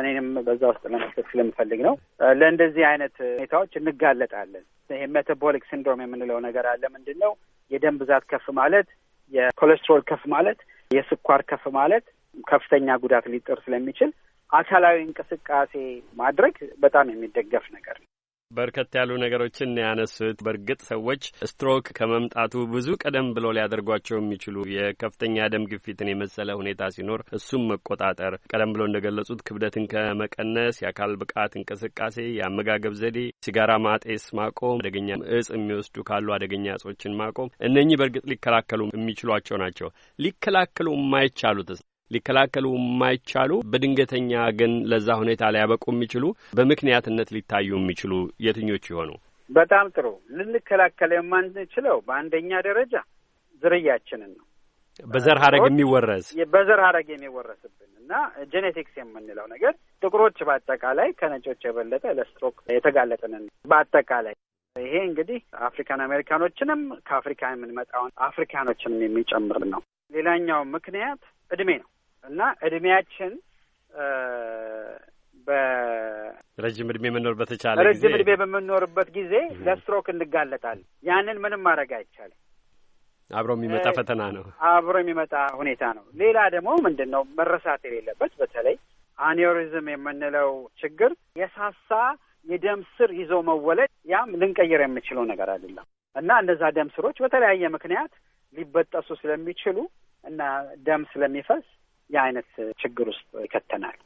እኔንም በዛ ውስጥ ለመስከት ስለምፈልግ ነው። ለእንደዚህ አይነት ሁኔታዎች እንጋለጣለን። ይሄ ሜታቦሊክ ሲንድሮም የምንለው ነገር አለ። ምንድን ነው? የደም ብዛት ከፍ ማለት፣ የኮሌስትሮል ከፍ ማለት፣ የስኳር ከፍ ማለት ከፍተኛ ጉዳት ሊጥር ስለሚችል አካላዊ እንቅስቃሴ ማድረግ በጣም የሚደገፍ ነገር ነው። በርከት ያሉ ነገሮችን ያነሱት። በእርግጥ ሰዎች ስትሮክ ከመምጣቱ ብዙ ቀደም ብሎ ሊያደርጓቸው የሚችሉ የከፍተኛ ደም ግፊትን የመሰለ ሁኔታ ሲኖር እሱም መቆጣጠር፣ ቀደም ብሎ እንደገለጹት ክብደትን ከመቀነስ፣ የአካል ብቃት እንቅስቃሴ፣ የአመጋገብ ዘዴ፣ ሲጋራ ማጤስ ማቆም፣ አደገኛ እጽ የሚወስዱ ካሉ አደገኛ እጾችን ማቆም፣ እነኚህ በእርግጥ ሊከላከሉ የሚችሏቸው ናቸው። ሊከላከሉ የማይቻሉትስ ሊከላከሉ የማይቻሉ በድንገተኛ ግን ለዛ ሁኔታ ሊያበቁ የሚችሉ በምክንያትነት ሊታዩ የሚችሉ የትኞቹ ይሆኑ? በጣም ጥሩ። ልንከላከል የማንችለው በአንደኛ ደረጃ ዝርያችንን ነው። በዘር ሀረግ የሚወረስ በዘር ሀረግ የሚወረስብን እና ጄኔቲክስ የምንለው ነገር ጥቁሮች በአጠቃላይ ከነጮች የበለጠ ለስትሮክ የተጋለጥንን በአጠቃላይ ይሄ እንግዲህ አፍሪካን አሜሪካኖችንም ከአፍሪካ የምንመጣውን አፍሪካኖችንም የሚጨምር ነው። ሌላኛው ምክንያት እድሜ ነው። እና እድሜያችን በረጅም እድሜ የምንኖር በተቻለ ረጅም እድሜ በምንኖርበት ጊዜ ለስትሮክ እንጋለጣለን። ያንን ምንም ማድረግ አይቻልም። አብሮ የሚመጣ ፈተና ነው። አብሮ የሚመጣ ሁኔታ ነው። ሌላ ደግሞ ምንድን ነው መረሳት የሌለበት በተለይ አኒዮሪዝም የምንለው ችግር የሳሳ የደም ስር ይዞ መወለድ፣ ያም ልንቀይር የምችለው ነገር አይደለም እና እነዛ ደም ስሮች በተለያየ ምክንያት ሊበጠሱ ስለሚችሉ እና ደም ስለሚፈስ የአይነት ችግር ውስጥ ይከተናል።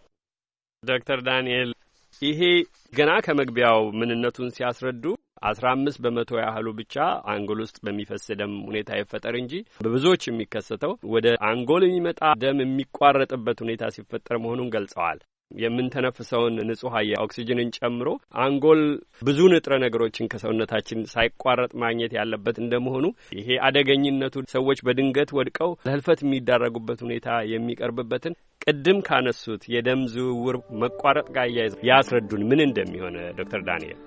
ዶክተር ዳንኤል ይሄ ገና ከመግቢያው ምንነቱን ሲያስረዱ አስራ አምስት በመቶ ያህሉ ብቻ አንጎል ውስጥ በሚፈስ ደም ሁኔታ ይፈጠር እንጂ በብዙዎች የሚከሰተው ወደ አንጎል የሚመጣ ደም የሚቋረጥበት ሁኔታ ሲፈጠር መሆኑን ገልጸዋል። የምንተነፍሰውን ንጹህ አየር ኦክሲጅንን ጨምሮ አንጎል ብዙ ንጥረ ነገሮችን ከሰውነታችን ሳይቋረጥ ማግኘት ያለበት እንደመሆኑ ይሄ አደገኝነቱ ሰዎች በድንገት ወድቀው ለህልፈት የሚዳረጉበት ሁኔታ የሚቀርብበትን ቅድም ካነሱት የደም ዝውውር መቋረጥ ጋር እያይዘው ያስረዱን ምን እንደሚሆን ዶክተር ዳንኤል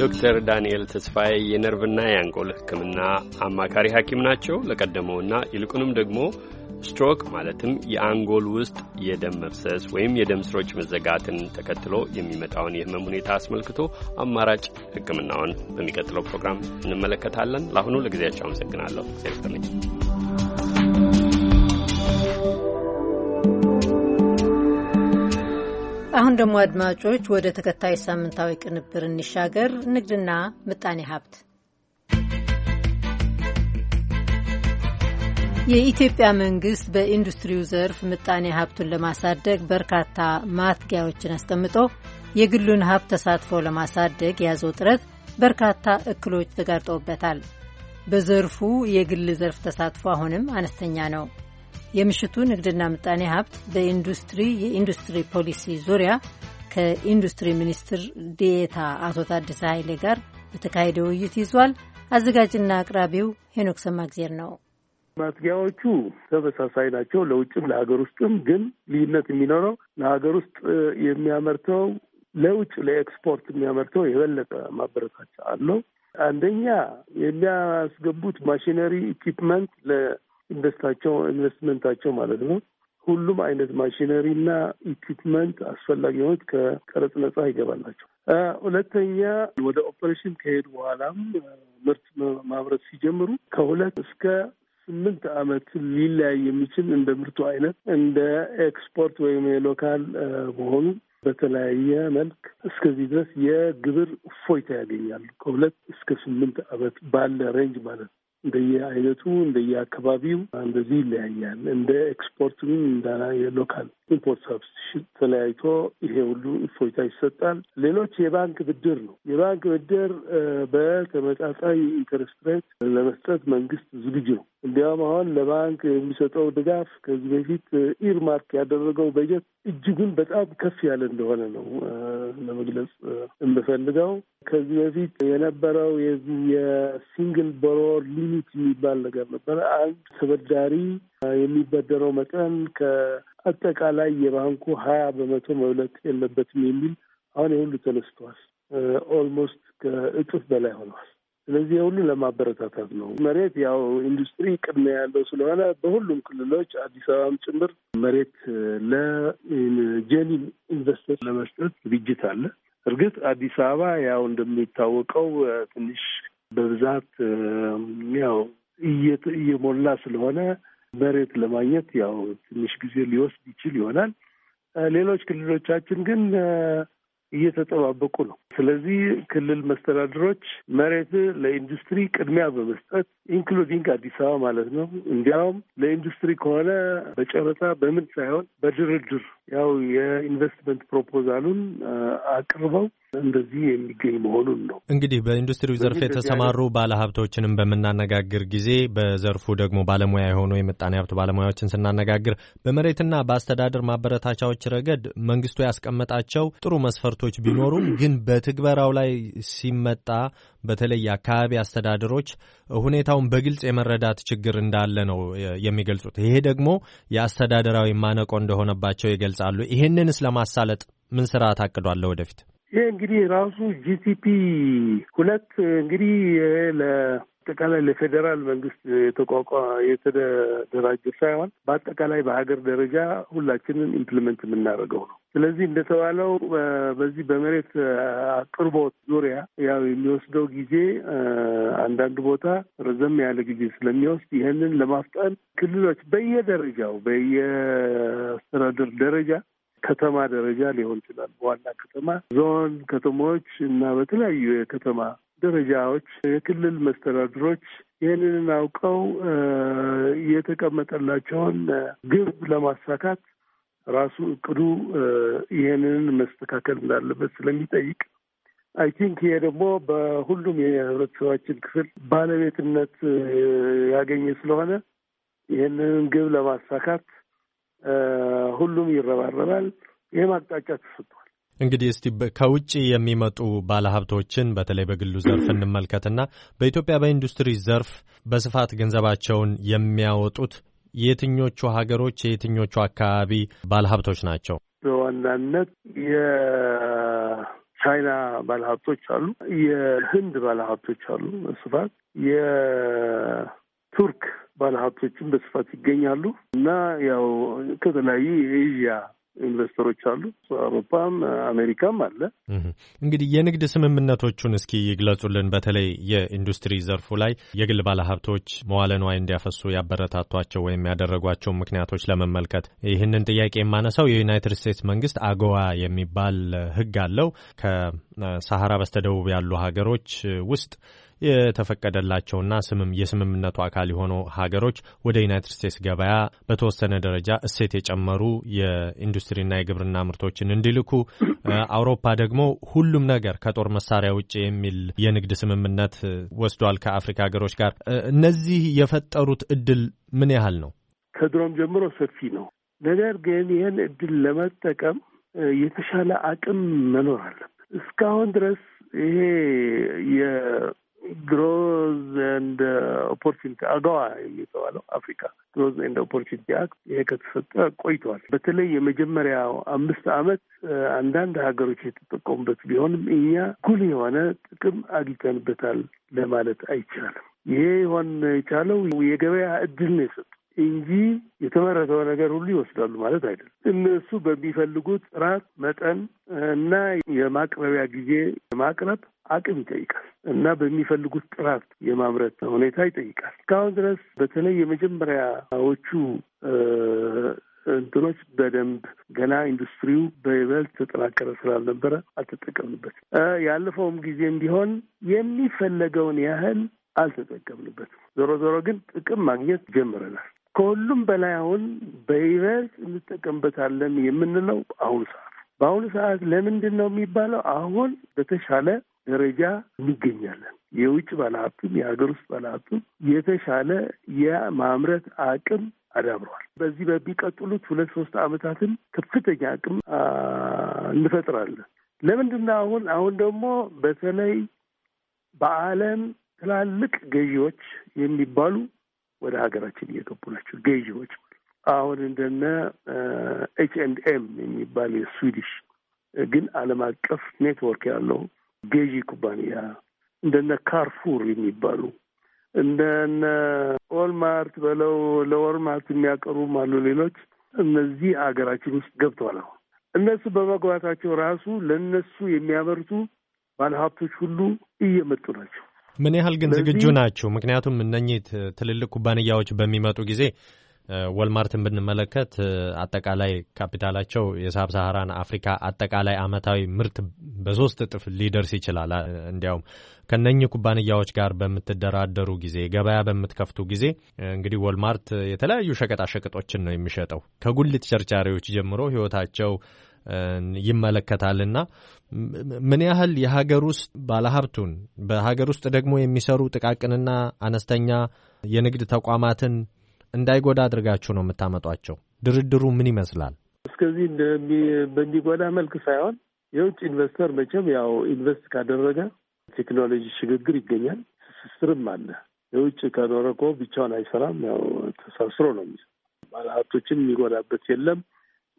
ዶክተር ዳንኤል ተስፋዬ የነርቭና የአንጎል ሕክምና አማካሪ ሐኪም ናቸው። ለቀደመውና ይልቁንም ደግሞ ስትሮክ ማለትም የአንጎል ውስጥ የደም መፍሰስ ወይም የደም ስሮች መዘጋትን ተከትሎ የሚመጣውን የህመም ሁኔታ አስመልክቶ አማራጭ ሕክምናውን በሚቀጥለው ፕሮግራም እንመለከታለን። ለአሁኑ ለጊዜያቸው አመሰግናለሁ። ዜርስትነኝ አሁን ደግሞ አድማጮች ወደ ተከታይ ሳምንታዊ ቅንብር እንሻገር። ንግድና ምጣኔ ሀብት የኢትዮጵያ መንግስት በኢንዱስትሪው ዘርፍ ምጣኔ ሀብቱን ለማሳደግ በርካታ ማትጊያዎችን አስቀምጦ የግሉን ሀብት ተሳትፎ ለማሳደግ የያዘው ጥረት በርካታ እክሎች ተጋርጠውበታል። በዘርፉ የግል ዘርፍ ተሳትፎ አሁንም አነስተኛ ነው። የምሽቱ ንግድና ምጣኔ ሀብት በኢንዱስትሪ የኢንዱስትሪ ፖሊሲ ዙሪያ ከኢንዱስትሪ ሚኒስትር ዴኤታ አቶ ታደሰ ኃይሌ ጋር በተካሄደ ውይይት ይዟል። አዘጋጅና አቅራቢው ሄኖክ ሰማግዜር ነው። ማትጊያዎቹ ተመሳሳይ ናቸው ለውጭም ለሀገር ውስጥም። ግን ልዩነት የሚኖረው ለሀገር ውስጥ የሚያመርተው ለውጭ ለኤክስፖርት የሚያመርተው የበለጠ ማበረታቻ አለው። አንደኛ የሚያስገቡት ማሽነሪ ኢኪፕመንት ኢንቨስታቸው ኢንቨስትመንታቸው ማለት ነው። ሁሉም አይነት ማሽነሪ እና ኢኩፕመንት አስፈላጊ ከቀረጽ ነጻ ይገባላቸው። ሁለተኛ ወደ ኦፐሬሽን ከሄዱ በኋላም ምርት ማምረት ሲጀምሩ ከሁለት እስከ ስምንት ዓመት ሊለያይ የሚችል እንደ ምርቱ አይነት እንደ ኤክስፖርት ወይም የሎካል መሆኑ በተለያየ መልክ እስከዚህ ድረስ የግብር እፎይታ ያገኛሉ። ከሁለት እስከ ስምንት ዓመት ባለ ሬንጅ ማለት ነው። እንደየአይነቱ እንደየአካባቢው እንደዚህ ይለያያል። እንደ ኤክስፖርትም እንደ ኢምፖርት ሰብስቲሽን ተለያይቶ ይሄ ሁሉ እፎይታ ይሰጣል። ሌሎች የባንክ ብድር ነው። የባንክ ብድር በተመጣጣኝ ኢንተረስት ሬት ለመስጠት መንግስት ዝግጁ ነው። እንዲያውም አሁን ለባንክ የሚሰጠው ድጋፍ ከዚህ በፊት ኢርማርክ ያደረገው በጀት እጅጉን በጣም ከፍ ያለ እንደሆነ ነው ለመግለጽ የምፈልገው። ከዚህ በፊት የነበረው የዚህ የሲንግል ቦሮወር ሊሚት የሚባል ነገር ነበረ። አንድ ተበዳሪ የሚበደረው መጠን ከአጠቃላይ የባንኩ ሀያ በመቶ መብለጥ የለበትም የሚል አሁን የሁሉ ተነስተዋል። ኦልሞስት ከእጥፍ በላይ ሆነዋል። ስለዚህ የሁሉ ለማበረታታት ነው። መሬት ያው ኢንዱስትሪ ቅድሚያ ያለው ስለሆነ በሁሉም ክልሎች አዲስ አበባም ጭምር መሬት ለጀኒን ኢንቨስተር ለመስጠት ዝግጅት አለ። እርግጥ አዲስ አበባ ያው እንደሚታወቀው ትንሽ በብዛት ያው እየሞላ ስለሆነ መሬት ለማግኘት ያው ትንሽ ጊዜ ሊወስድ ይችል ይሆናል። ሌሎች ክልሎቻችን ግን እየተጠባበቁ ነው። ስለዚህ ክልል መስተዳድሮች መሬት ለኢንዱስትሪ ቅድሚያ በመስጠት ኢንክሉዲንግ አዲስ አበባ ማለት ነው። እንዲያውም ለኢንዱስትሪ ከሆነ በጨረታ በምን ሳይሆን በድርድር ያው የኢንቨስትመንት ፕሮፖዛሉን አቅርበው እንደዚህ የሚገኝ መሆኑን ነው። እንግዲህ በኢንዱስትሪው ዘርፍ የተሰማሩ ባለሀብቶችንም በምናነጋግር ጊዜ በዘርፉ ደግሞ ባለሙያ የሆኑ የምጣኔ ሀብት ባለሙያዎችን ስናነጋግር በመሬትና በአስተዳደር ማበረታቻዎች ረገድ መንግስቱ ያስቀመጣቸው ጥሩ መስፈርቶች ቢኖሩም ግን በትግበራው ላይ ሲመጣ በተለይ የአካባቢ አስተዳደሮች ሁኔታውን በግልጽ የመረዳት ችግር እንዳለ ነው የሚገልጹት። ይሄ ደግሞ የአስተዳደራዊ ማነቆ እንደሆነባቸው ይገልጻሉ። ይህንንስ ለማሳለጥ ምን ስራ ታቅዷል ወደፊት? ይህ እንግዲህ ራሱ ጂሲፒ ሁለት እንግዲህ አጠቃላይ ለፌዴራል መንግስት የተቋቋ የተደራጀ ሳይሆን በአጠቃላይ በሀገር ደረጃ ሁላችንን ኢምፕሊመንት የምናደርገው ነው። ስለዚህ እንደተባለው በዚህ በመሬት አቅርቦት ዙሪያ ያው የሚወስደው ጊዜ አንዳንድ ቦታ ረዘም ያለ ጊዜ ስለሚወስድ ይህንን ለማፍጠን ክልሎች በየደረጃው በየአስተዳደር ደረጃ ከተማ ደረጃ ሊሆን ይችላል። በዋና ከተማ ዞን፣ ከተሞች እና በተለያዩ የከተማ ደረጃዎች የክልል መስተዳድሮች ይህንን አውቀው የተቀመጠላቸውን ግብ ለማሳካት ራሱ እቅዱ ይህንን መስተካከል እንዳለበት ስለሚጠይቅ አይ ቲንክ ይሄ ደግሞ በሁሉም የህብረተሰባችን ክፍል ባለቤትነት ያገኘ ስለሆነ ይህንን ግብ ለማሳካት ሁሉም ይረባረባል። ይህም አቅጣጫ ተሰጥቷል። እንግዲህ እስቲ ከውጭ የሚመጡ ባለሀብቶችን በተለይ በግሉ ዘርፍ እንመልከትና በኢትዮጵያ በኢንዱስትሪ ዘርፍ በስፋት ገንዘባቸውን የሚያወጡት የትኞቹ ሀገሮች የየትኞቹ አካባቢ ባለሀብቶች ናቸው? በዋናነት የቻይና ባለሀብቶች አሉ፣ የህንድ ባለሀብቶች አሉ፣ በስፋት ቱርክ ባለሀብቶችም በስፋት ይገኛሉ እና ያው ከተለያዩ የኤዥያ ኢንቨስተሮች አሉ። አውሮፓም አሜሪካም አለ። እንግዲህ የንግድ ስምምነቶቹን እስኪ ይግለጹልን። በተለይ የኢንዱስትሪ ዘርፉ ላይ የግል ባለሀብቶች መዋለ ንዋይ እንዲያፈሱ ያበረታቷቸው ወይም ያደረጓቸው ምክንያቶች ለመመልከት ይህንን ጥያቄ የማነሳው የዩናይትድ ስቴትስ መንግስት አጎዋ የሚባል ህግ አለው ከሰሐራ በስተደቡብ ያሉ ሀገሮች ውስጥ የተፈቀደላቸውና ስምም የስምምነቱ አካል የሆኑ ሀገሮች ወደ ዩናይትድ ስቴትስ ገበያ በተወሰነ ደረጃ እሴት የጨመሩ የኢንዱስትሪና የግብርና ምርቶችን እንዲልኩ፣ አውሮፓ ደግሞ ሁሉም ነገር ከጦር መሳሪያ ውጭ የሚል የንግድ ስምምነት ወስዷል ከአፍሪካ ሀገሮች ጋር። እነዚህ የፈጠሩት እድል ምን ያህል ነው? ከድሮም ጀምሮ ሰፊ ነው። ነገር ግን ይህን እድል ለመጠቀም የተሻለ አቅም መኖር አለ። እስካሁን ድረስ ይሄ ግሮዝ ኤንድ ኦፖርቹኒቲ አገዋ የሚባለው አፍሪካ ግሮዝ ኤንድ ኦፖርቹኒቲ አክት ይሄ ከተሰጠ ቆይተዋል። በተለይ የመጀመሪያው አምስት አመት uh, አንዳንድ ሀገሮች የተጠቀሙበት ቢሆንም እኛ ጉል የሆነ ጥቅም አግኝተንበታል ለማለት አይቻልም። ይሄ ይሆን የቻለው የገበያ እድል ነው የሰጡ እንጂ የተመረተው ነገር ሁሉ ይወስዳሉ ማለት አይደለም። እነሱ በሚፈልጉት ጥራት፣ መጠን እና የማቅረቢያ ጊዜ ማቅረብ አቅም ይጠይቃል እና በሚፈልጉት ጥራት የማምረት ሁኔታ ይጠይቃል። እስካሁን ድረስ በተለይ የመጀመሪያዎቹ እንትኖች በደንብ ገና ኢንዱስትሪው በይበልጥ ተጠናከረ ስላልነበረ አልተጠቀምንበትም። ያለፈውም ጊዜም ቢሆን የሚፈለገውን ያህል አልተጠቀምንበትም። ዞሮ ዞሮ ግን ጥቅም ማግኘት ጀምረናል። ከሁሉም በላይ አሁን በይበልጥ እንጠቀምበታለን የምንለው አሁኑ ሰዓት በአሁኑ ሰዓት ለምንድን ነው የሚባለው? አሁን በተሻለ ደረጃ እንገኛለን። የውጭ ባለሀብቱም የሀገር ውስጥ ባለሀብቱም የተሻለ የማምረት አቅም አዳብረዋል። በዚህ በሚቀጥሉት ሁለት ሶስት ዓመታትም ከፍተኛ አቅም እንፈጥራለን። ለምንድን ነው አሁን አሁን ደግሞ በተለይ በዓለም ትላልቅ ገዢዎች የሚባሉ ወደ ሀገራችን እየገቡ ናቸው ገዢዎች። አሁን እንደነ ኤች ኤንድ ኤም የሚባል የስዊዲሽ ግን ዓለም አቀፍ ኔትወርክ ያለው ገዢ ኩባንያ እንደነ ካርፉር የሚባሉ እንደነ ኦልማርት በለው ለወልማርት የሚያቀርቡም አሉ። ሌሎች እነዚህ ሀገራችን ውስጥ ገብተዋል። አሁን እነሱ በመግባታቸው ራሱ ለእነሱ የሚያመርቱ ባለሀብቶች ሁሉ እየመጡ ናቸው። ምን ያህል ግን ዝግጁ ናቸው? ምክንያቱም እነኚህ ትልልቅ ኩባንያዎች በሚመጡ ጊዜ ወልማርትን ብንመለከት አጠቃላይ ካፒታላቸው የሳብ ሳሃራን አፍሪካ አጠቃላይ አመታዊ ምርት በሶስት እጥፍ ሊደርስ ይችላል። እንዲያውም ከነኚህ ኩባንያዎች ጋር በምትደራደሩ ጊዜ፣ ገበያ በምትከፍቱ ጊዜ እንግዲህ ወልማርት የተለያዩ ሸቀጣሸቀጦችን ነው የሚሸጠው ከጉልት ቸርቻሪዎች ጀምሮ ህይወታቸው ይመለከታልና ምን ያህል የሀገር ውስጥ ባለሀብቱን በሀገር ውስጥ ደግሞ የሚሰሩ ጥቃቅንና አነስተኛ የንግድ ተቋማትን እንዳይጎዳ አድርጋችሁ ነው የምታመጧቸው? ድርድሩ ምን ይመስላል? እስከዚህ በሚጎዳ መልክ ሳይሆን የውጭ ኢንቨስተር መቼም ያው ኢንቨስት ካደረገ ቴክኖሎጂ ሽግግር ይገኛል፣ ትስስርም አለ። የውጭ ከኖረ እኮ ብቻውን አይሰራም። ያው ተሳስሮ ነው። ባለሀብቶችን የሚጎዳበት የለም።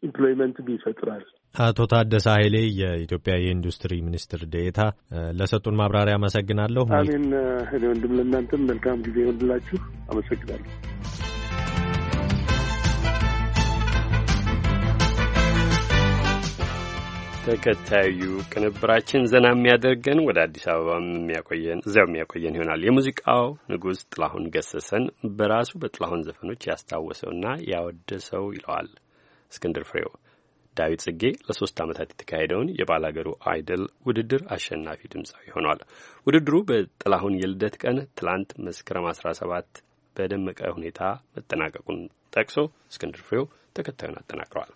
ኢምፕሎይመንትም ይፈጥራል። አቶ ታደሰ ኃይሌ የኢትዮጵያ የኢንዱስትሪ ሚኒስትር ዴኤታ ለሰጡን ማብራሪያ አመሰግናለሁ። አሜን። እኔ ወንድም ለእናንተም መልካም ጊዜ ይሆንላችሁ። አመሰግናለሁ። ተከታዩ ቅንብራችን ዘና የሚያደርገን ወደ አዲስ አበባ የሚያቆየን እዚያው የሚያቆየን ይሆናል። የሙዚቃው ንጉሥ ጥላሁን ገሰሰን በራሱ በጥላሁን ዘፈኖች ያስታወሰውና ያወደሰው ይለዋል እስክንድር ፍሬው ዳዊት ጽጌ ለሶስት ዓመታት የተካሄደውን የባላገሩ አይደል ውድድር አሸናፊ ድምፃዊ ሆኗል። ውድድሩ በጥላሁን የልደት ቀን ትላንት መስከረም 17 በደመቀ ሁኔታ መጠናቀቁን ጠቅሶ እስክንድር ፍሬው ተከታዩን አጠናቅረዋል።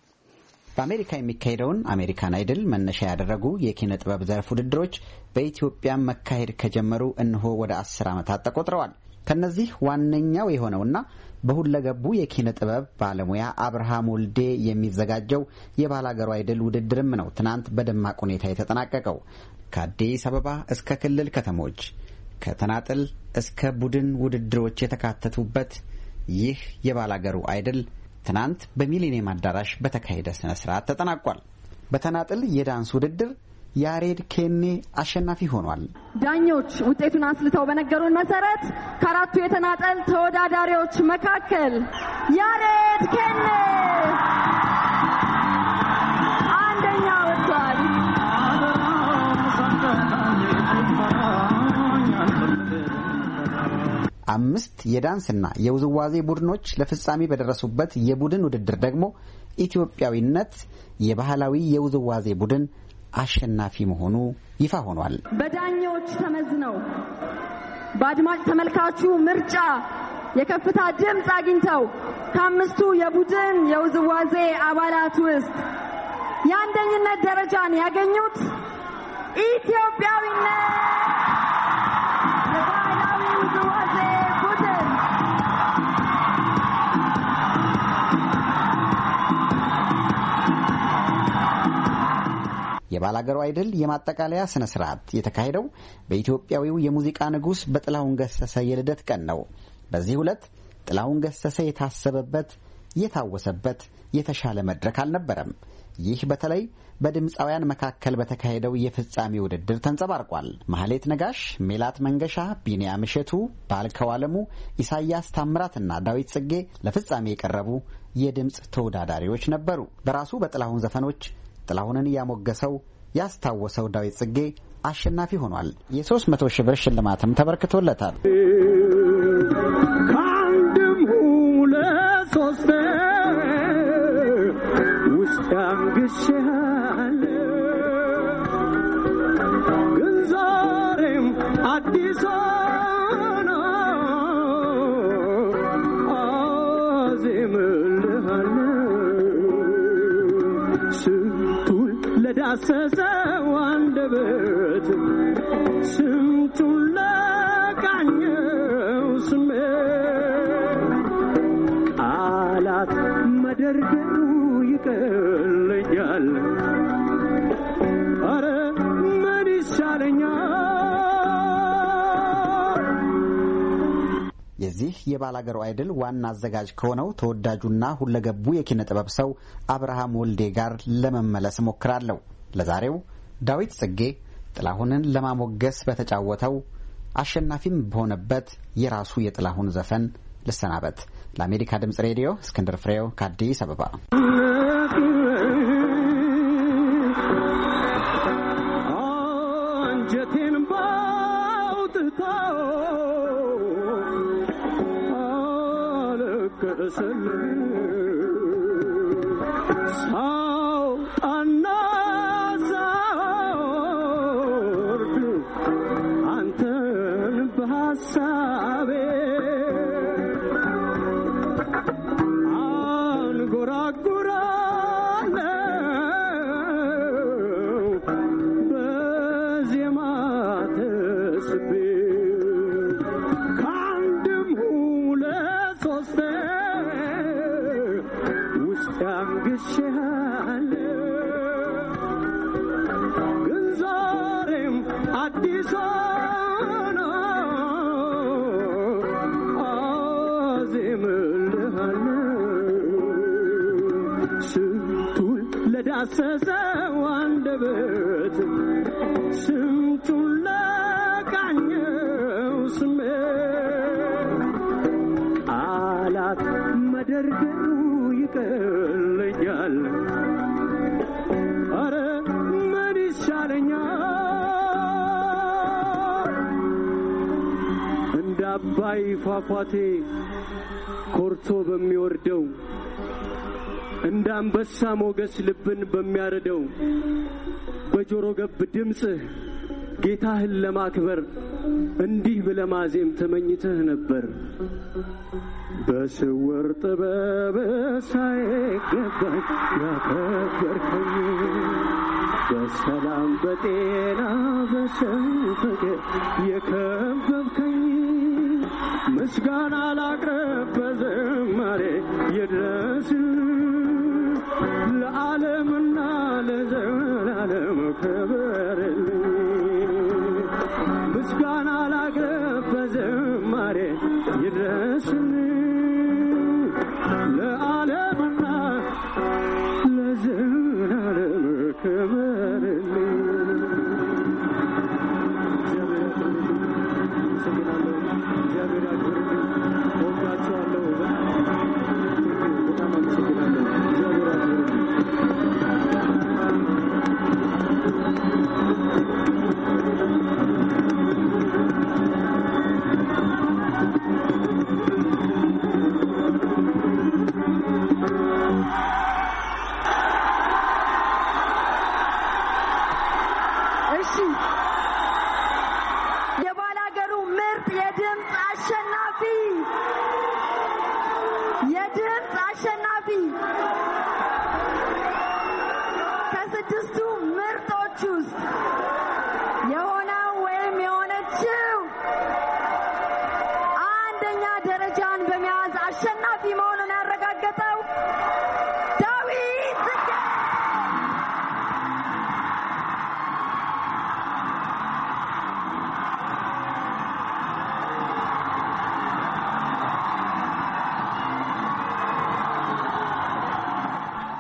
በአሜሪካ የሚካሄደውን አሜሪካን አይድል መነሻ ያደረጉ የኪነ ጥበብ ዘርፍ ውድድሮች በኢትዮጵያ መካሄድ ከጀመሩ እንሆ ወደ አስር ዓመታት ተቆጥረዋል። ከነዚህ ዋነኛው የሆነውና በሁለገቡ የኪነ ጥበብ ባለሙያ አብርሃም ወልዴ የሚዘጋጀው የባላገሩ አይድል ውድድርም ነው ትናንት በደማቅ ሁኔታ የተጠናቀቀው። ከአዲስ አበባ እስከ ክልል ከተሞች ከተናጥል እስከ ቡድን ውድድሮች የተካተቱበት ይህ የባላገሩ አይድል ትናንት በሚሊኒየም አዳራሽ በተካሄደ ስነ ስርዓት ተጠናቋል። በተናጥል የዳንስ ውድድር ያሬድ ኬኔ አሸናፊ ሆኗል። ዳኞች ውጤቱን አስልተው በነገሩን መሰረት ከአራቱ የተናጠል ተወዳዳሪዎች መካከል ያሬድ ኬኔ አምስት የዳንስና የውዝዋዜ ቡድኖች ለፍጻሜ በደረሱበት የቡድን ውድድር ደግሞ ኢትዮጵያዊነት የባህላዊ የውዝዋዜ ቡድን አሸናፊ መሆኑ ይፋ ሆኗል። በዳኞች ተመዝነው በአድማጭ ተመልካቹ ምርጫ የከፍታ ድምፅ አግኝተው ከአምስቱ የቡድን የውዝዋዜ አባላት ውስጥ የአንደኝነት ደረጃን ያገኙት ኢትዮጵያዊነት የባላገሩ አይድል የማጠቃለያ ስነ ስርዓት የተካሄደው በኢትዮጵያዊው የሙዚቃ ንጉሥ በጥላሁን ገሰሰ የልደት ቀን ነው። በዚህ ዕለት ጥላሁን ገሰሰ የታሰበበት፣ የታወሰበት የተሻለ መድረክ አልነበረም። ይህ በተለይ በድምፃውያን መካከል በተካሄደው የፍጻሜ ውድድር ተንጸባርቋል። ማህሌት ነጋሽ፣ ሜላት መንገሻ፣ ቢንያም እሸቱ፣ ባልከው አለሙ፣ ኢሳያስ ታምራትና ዳዊት ጽጌ ለፍጻሜ የቀረቡ የድምፅ ተወዳዳሪዎች ነበሩ። በራሱ በጥላሁን ዘፈኖች ጥላሁንን እያሞገሰው። ያስታወሰው ዳዊት ጽጌ አሸናፊ ሆኗል። የሶስት መቶ ሺህ ብር ሽልማትም ተበርክቶለታል። ከአንድም አዲስ ላሰሰው አንደበት ስንቱን ለቃኘው ስሜ ቃላት መደርደሩ ይቀለኛል። አረ ምን ይሻለኛል? የዚህ የባላገሩ አይድል ዋና አዘጋጅ ከሆነው ተወዳጁና ሁለገቡ የኪነ ጥበብ ሰው አብርሃም ወልዴ ጋር ለመመለስ እሞክራለሁ። ለዛሬው ዳዊት ጽጌ ጥላሁንን ለማሞገስ በተጫወተው አሸናፊም በሆነበት የራሱ የጥላሁን ዘፈን ልሰናበት። ለአሜሪካ ድምፅ ሬዲዮ እስክንድር ፍሬው ከአዲስ አበባ። you. ባይ ፏፏቴ ኮርቶ በሚወርደው እንደ አንበሳ ሞገስ ልብን በሚያረደው በጆሮ ገብ ድምፅህ ጌታህን ለማክበር እንዲህ ብለማዜም ተመኝተህ ነበር። በስውር ጥበብ ሳይገባኝ ያከበርከኝ በሰላም በጤና በሰንፈገ የከበብከኝ ምስጋና ላቅርብ በዝማሬ ይድረስ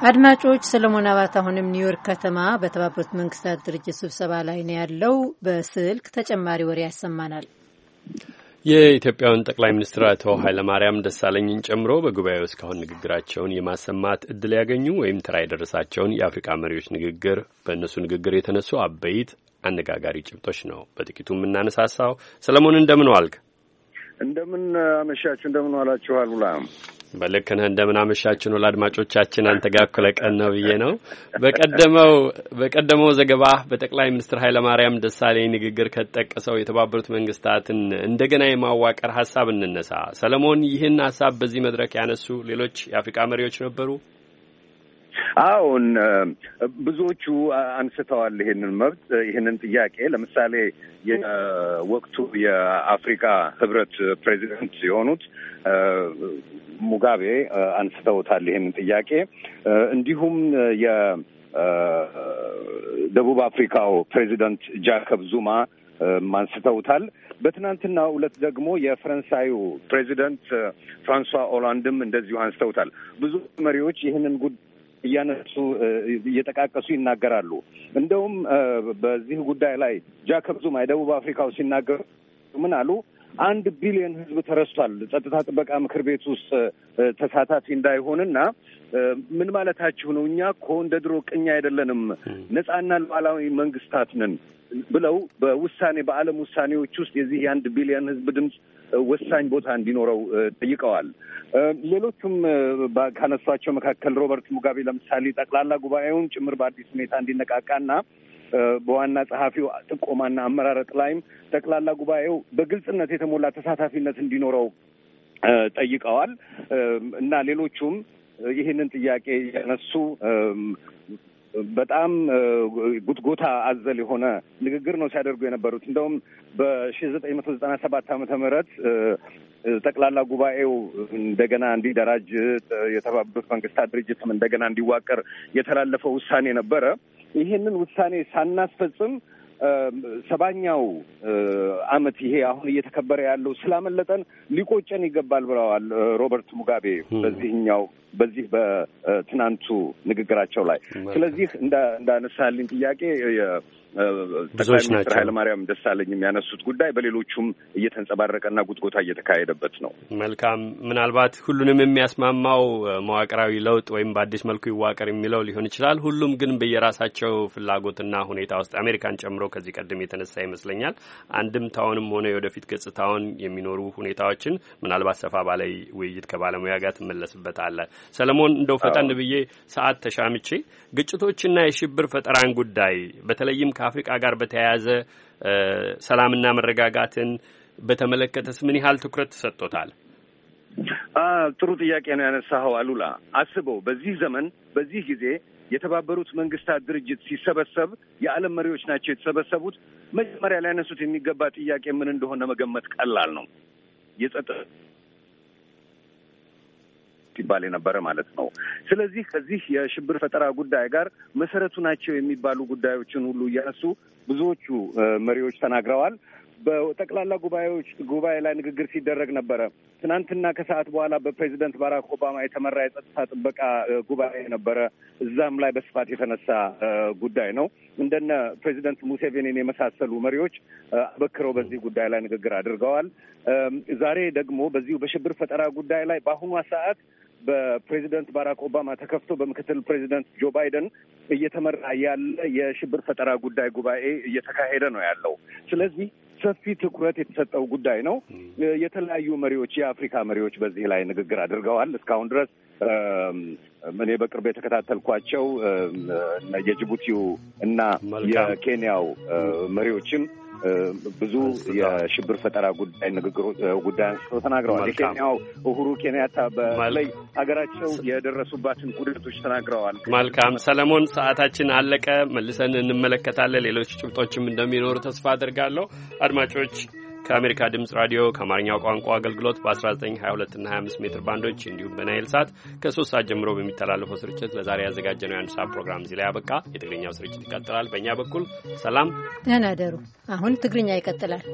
አድማጮች ሰለሞን አባት አሁንም ኒውዮርክ ከተማ በተባበሩት መንግስታት ድርጅት ስብሰባ ላይ ነው ያለው። በስልክ ተጨማሪ ወሬ ያሰማናል። የኢትዮጵያውን ጠቅላይ ሚኒስትር አቶ ኃይለማርያም ደሳለኝን ጨምሮ በጉባኤው እስካሁን ንግግራቸውን የማሰማት እድል ያገኙ ወይም ተራ የደረሳቸውን የአፍሪቃ መሪዎች ንግግር በእነሱ ንግግር የተነሱ አበይት አነጋጋሪ ጭብጦች ነው በጥቂቱ የምናነሳሳው። ሰለሞን እንደምን ዋልክ? እንደምን አመሻችሁ፣ እንደምን ዋላችሁ። አሉላ በልክ ነህ። እንደምን አመሻችሁ ነው ለአድማጮቻችን። አንተ ጋር እኩለ ቀን ነው ብዬ ነው። በቀደመው በቀደመው ዘገባ በጠቅላይ ሚኒስትር ኃይለማርያም ደሳለኝ ንግግር ከተጠቀሰው የተባበሩት መንግስታትን እንደገና የማዋቀር ሀሳብ እንነሳ። ሰለሞን፣ ይህን ሀሳብ በዚህ መድረክ ያነሱ ሌሎች የአፍሪቃ መሪዎች ነበሩ? አሁን ብዙዎቹ አንስተዋል ይህንን መብት ይህንን ጥያቄ ለምሳሌ የወቅቱ የአፍሪካ ህብረት ፕሬዚደንት የሆኑት ሙጋቤ አንስተውታል ይህንን ጥያቄ እንዲሁም የደቡብ አፍሪካው ፕሬዚደንት ጃከብ ዙማ አንስተውታል። በትናንትና ዕለት ደግሞ የፈረንሳዩ ፕሬዚደንት ፍራንሷ ኦላንድም እንደዚሁ አንስተውታል። ብዙ መሪዎች ይህንን ጉዳይ እያነሱ እየጠቃቀሱ ይናገራሉ። እንደውም በዚህ ጉዳይ ላይ ጃከብ ዙማ የደቡብ አፍሪካው ሲናገሩ ምን አሉ? አንድ ቢሊዮን ህዝብ ተረስቷል ጸጥታ ጥበቃ ምክር ቤት ውስጥ ተሳታፊ እንዳይሆንና ምን ማለታችሁ ነው? እኛ እኮ እንደ ድሮ ቅኝ አይደለንም፣ ነጻና ሉዓላዊ መንግስታት ነን ብለው በውሳኔ በዓለም ውሳኔዎች ውስጥ የዚህ የአንድ ቢሊዮን ህዝብ ድምፅ ወሳኝ ቦታ እንዲኖረው ጠይቀዋል። ሌሎቹም ካነሷቸው መካከል ሮበርት ሙጋቤ ለምሳሌ ጠቅላላ ጉባኤውን ጭምር በአዲስ ሁኔታ እንዲነቃቃና በዋና ጸሐፊው ጥቆማና አመራረጥ ላይም ጠቅላላ ጉባኤው በግልጽነት የተሞላ ተሳታፊነት እንዲኖረው ጠይቀዋል እና ሌሎቹም ይህንን ጥያቄ ያነሱ በጣም ጉትጎታ አዘል የሆነ ንግግር ነው ሲያደርጉ የነበሩት። እንደውም በሺ ዘጠኝ መቶ ዘጠና ሰባት ዓመተ ምህረት ጠቅላላ ጉባኤው እንደገና እንዲደራጅ የተባበሩት መንግስታት ድርጅትም እንደገና እንዲዋቀር የተላለፈው ውሳኔ ነበረ። ይህንን ውሳኔ ሳናስፈጽም ሰባኛው አመት ይሄ አሁን እየተከበረ ያለው ስላመለጠን ሊቆጨን ይገባል ብለዋል ሮበርት ሙጋቤ በዚህኛው በዚህ በትናንቱ ንግግራቸው ላይ። ስለዚህ እንዳነሳልኝ ጥያቄ ጠቅላይ ሚኒስትር ኃይለማርያም ደሳለኝ የሚያነሱት ጉዳይ በሌሎቹም እየተንጸባረቀና ጉትጎታ እየተካሄደበት ነው። መልካም ምናልባት ሁሉንም የሚያስማማው መዋቅራዊ ለውጥ ወይም በአዲስ መልኩ ይዋቀር የሚለው ሊሆን ይችላል። ሁሉም ግን በየራሳቸው ፍላጎትና ሁኔታ ውስጥ አሜሪካን ጨምሮ ከዚህ ቀደም የተነሳ ይመስለኛል አንድምታውንም ሆነ የወደፊት ገጽታውን የሚኖሩ ሁኔታዎችን ምናልባት ሰፋ ባለ ውይይት ከባለሙያ ጋር ትመለስበታለ። ሰለሞን እንደው ፈጠን ብዬ ሰዓት ተሻምቼ ግጭቶችና የሽብር ፈጠራን ጉዳይ በተለይም ከአፍሪቃ ጋር በተያያዘ ሰላምና መረጋጋትን በተመለከተስ ምን ያህል ትኩረት ተሰጥቶታል? ጥሩ ጥያቄ ነው ያነሳኸው አሉላ። አስበው በዚህ ዘመን በዚህ ጊዜ የተባበሩት መንግስታት ድርጅት ሲሰበሰብ የዓለም መሪዎች ናቸው የተሰበሰቡት። መጀመሪያ ሊያነሱት የሚገባ ጥያቄ ምን እንደሆነ መገመት ቀላል ነው። የጸጥታ ይባል የነበረ ማለት ነው። ስለዚህ ከዚህ የሽብር ፈጠራ ጉዳይ ጋር መሰረቱ ናቸው የሚባሉ ጉዳዮችን ሁሉ እያነሱ ብዙዎቹ መሪዎች ተናግረዋል። በጠቅላላ ጉባኤዎች ጉባኤ ላይ ንግግር ሲደረግ ነበረ። ትናንትና ከሰዓት በኋላ በፕሬዚደንት ባራክ ኦባማ የተመራ የጸጥታ ጥበቃ ጉባኤ ነበረ። እዛም ላይ በስፋት የተነሳ ጉዳይ ነው። እንደነ ፕሬዚደንት ሙሴቬኒን የመሳሰሉ መሪዎች አበክረው በዚህ ጉዳይ ላይ ንግግር አድርገዋል። ዛሬ ደግሞ በዚሁ በሽብር ፈጠራ ጉዳይ ላይ በአሁኗ ሰዓት በፕሬዚደንት ባራክ ኦባማ ተከፍቶ በምክትል ፕሬዚደንት ጆ ባይደን እየተመራ ያለ የሽብር ፈጠራ ጉዳይ ጉባኤ እየተካሄደ ነው ያለው። ስለዚህ ሰፊ ትኩረት የተሰጠው ጉዳይ ነው። የተለያዩ መሪዎች፣ የአፍሪካ መሪዎች በዚህ ላይ ንግግር አድርገዋል። እስካሁን ድረስ እኔ በቅርብ የተከታተልኳቸው የጅቡቲው እና የኬንያው መሪዎችም ብዙ የሽብር ፈጠራ ጉዳይ ንግግሩ ጉዳይ አንስተው ተናግረዋል። የኬንያው እሁሩ ኬንያታ በተለይ ሀገራቸው የደረሱባትን ጉዳቶች ተናግረዋል። መልካም ሰለሞን፣ ሰዓታችን አለቀ። መልሰን እንመለከታለን። ሌሎች ጭብጦችም እንደሚኖሩ ተስፋ አድርጋለሁ አድማጮች ከአሜሪካ ድምፅ ራዲዮ ከአማርኛው ቋንቋ አገልግሎት በ1922 እና 25 ሜትር ባንዶች እንዲሁም በናይል ሳት ከሶስት ሰዓት ጀምሮ በሚተላለፈው ስርጭት ለዛሬ ያዘጋጀነው የአንድ ሰዓት ፕሮግራም እዚህ ላይ ያበቃ። የትግርኛው ስርጭት ይቀጥላል። በእኛ በኩል ሰላም፣ ደህና ደሩ። አሁን ትግርኛ ይቀጥላል።